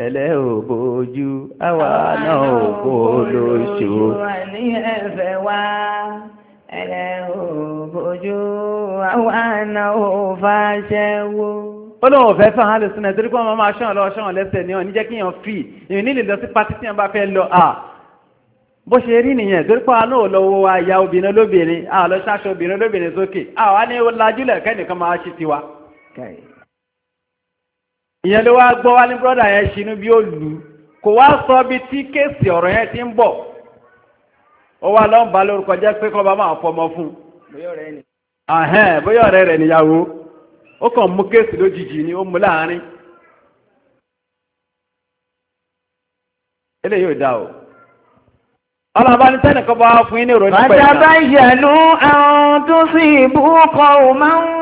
ẹlẹ́ ò bójú àwa náà ò bólóṣù. ní ẹ̀fẹ̀ wá ẹlẹ́ ò bójú àwa náà ò fàṣẹwó. ó lóun ò fẹ́ fún àwọn àlùsùn náà torí pé wọ́n máa ṣàn lọ ṣàn lẹ́sẹ̀ ni wọ́n níjẹ́ kí èèyàn fi èèyàn nílè lọ sí pátí tí wọ́n bá fẹ́ lọ à bó ṣe rí nìyẹn torí pé àánú lọ wo àyà obìnrin lóbìnrin àlọ́ ṣáṣọ obìnrin lóbìnrin sókè àwa ni ó lajúlẹ̀ kẹ́nìkan máa ṣe tiwa. Okay ìyẹn ló wá gbọ́ wá ní brọ́dà yẹn ṣinú bí ó lù ú kò wá sọ bí tí kéèsì ọ̀rọ̀ yẹn ti ń bọ̀ ó wá lọ́n ba lórúkọ jẹ́ pé kọ́ba máa fọmọ fún un bóyá ọ̀rẹ́ rẹ̀ níyàwó ó kàn mú kéèsì lójijì ni ó mú láàárín eléyìí ò dá o ọlọ́ba ní sẹ́nìkan bá fún yín ní ìròyìn pẹ̀lú. bàtà bá yẹ̀ lú àwọn tó sì bú kọ́ ò máa ń.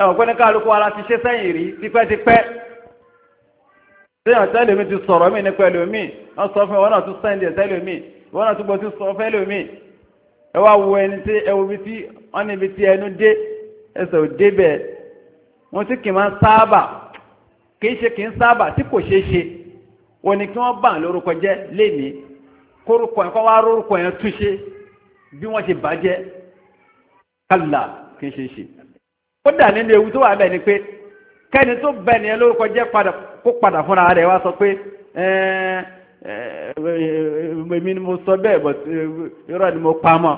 ẹ̀wọ̀n pé ní kálukú ara ti ṣe sẹ́yìn rí tipẹ́tipẹ́ sẹ́yìn tẹ́lẹ̀ mi ti sọ̀rọ̀ mí ní pẹ̀lú mi wọ́n sọ fún wọn náà tún sẹ́yìn díẹ̀ tẹ́lẹ̀ mi wọn náà tún gbọ́ tún sọ fẹ́lẹ̀ mi ẹ wá wo ẹni tí ẹ wo bí tí wọ́n ní ibi tí ẹnu dé ẹsẹ̀ ò dé bẹ́ẹ̀ wọ́n sì kì máa ń sábà kì í ṣe kì í sábà tí kò ṣeé ṣe wọ́n ní kí wọ́n bà lórúkọ jẹ́ lénìí kórúkọ yẹn kọ́ kódà nínú ewu tó wà bẹ́ẹ̀ ni pé kẹ́ni tó bẹ́ẹ̀ ni ẹ lórúkọ jẹ́ kó padà fúnra rẹ̀ wá sọ pé èmi ni mo sọ bẹ́ẹ̀ bọ̀ eh, irọ́ ni mo pa mọ́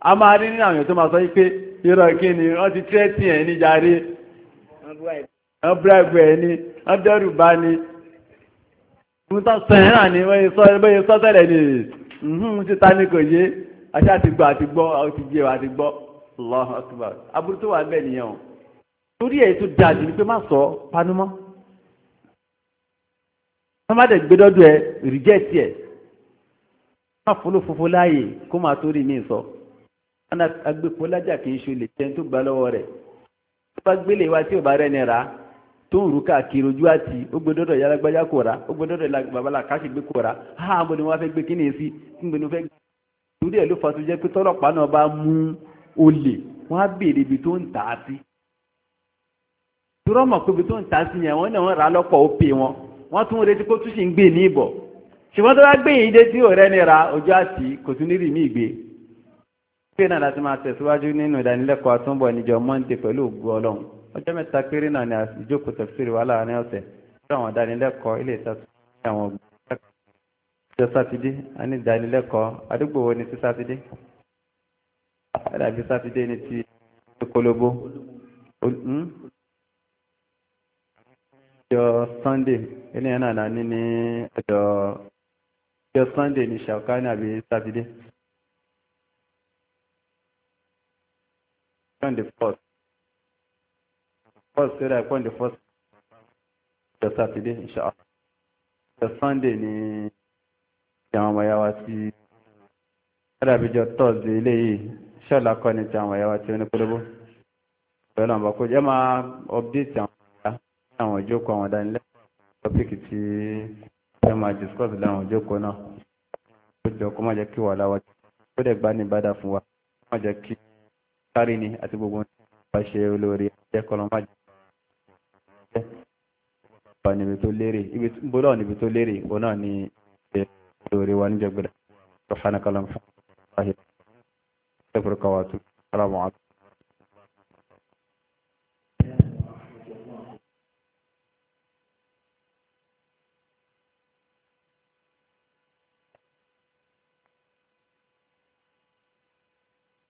a máa rí nínú àwọn èèyàn tó máa sọ yí pé kí ni wọ́n ti tírẹ́tì ẹ̀ ní jàre wọ́n bíráìbù ẹ̀ ní wọ́n dẹ́rù bá ni wọ́n ta kò yé Allahu akbar aburú tó wà bẹ́ẹ̀ nìyẹn o torí ẹ̀ tó da jù ní pé má sọ panumọ́ sọmádẹ gbẹdọdọ ẹ rìjẹtì ẹ má fúlò fúnfún láàyè kó máa torí mi sọ ọ̀nà agbèpọ̀ lájà kì í ṣe olè jẹun tó gbà lọ́wọ́ rẹ̀ tó bá gbélé wa tí ò bá rẹ́ni rà á tó ń rú káàkiri ojú àti ó gbẹdọdọ yàrá gbájá kò ó babalà káṣí gbé kò olè wọ́n á béèrè ibi tó ń tà á sí turọ́mọ̀ pé ibi tó ń tà á sí yẹn wọ́n náà wọ́n rà á lọ́pọ̀ ó pè wọn wọ́n tún retí kó tún sì ń gbé ní ìbọ̀ ṣùgbọ́n tó bá gbé yìí dé tí ọ̀rẹ́ ni ra ojú àti kò tún nírì mí ìgbé pé náà láti máa tẹ̀síwájú nínú ìdánilẹ́kọ̀ọ́ àtúnbọ̀ níjọ Monday pẹ̀lú ògo Ọlọ́run ọjọ́ mẹ́ta péré náà ni ìjókòó tẹ̀síwájú wà láàárín ọ̀sẹ̀ fún àwọn ìdánilẹ́kọ̀ọ́ ilé ìtàkùn àwọn ọ̀gbìn ọjọ́ sátidé a ní ìdánilẹ́kọ̀ọ́ àdúgbò wo ni sí sátidé ẹ̀dàbí sátidé ní ti kólóbó hmm? ọjọ́ sunday ilé ẹ̀nà àdáni ní ọjọ́ sunday ní ṣàkà ní àbí sátidé twenty fourth first sẹ́dá twenty fourth ọjọ́ sátidé ìṣàkà ọjọ́ sunday ní ìjàmọ̀ ọmọ yàwá sí ẹ̀dàbíjọ thursday ilé ṣọ́lá kọ́ ní ti àwọn ẹ̀yà wa tí ó ní polówó pẹ̀lú àwọn ọkọ̀ jẹ́ máa update àwọn ẹ̀yà àwọn ìjókòó àwọn ìdánilẹ́kọ̀ọ́ topic tí ẹ máa discuss láwọn ìjókòó náà ó jọ kó má jẹ́ kí wà láwọ́ ó dẹ̀ gbá ní ìbádà fún wa kó má jẹ́ kí kárí ni àti gbogbo ní wá ṣe olóore ẹ̀jẹ̀ kọlọ́ má jẹ́ bá níbi tó lérè ibi bó níbi tó lérè ìbò náà ni olóore wa níjọgbẹ́dà sọ̀hánà kọlọ́ fún wa. صفر السلام عليكم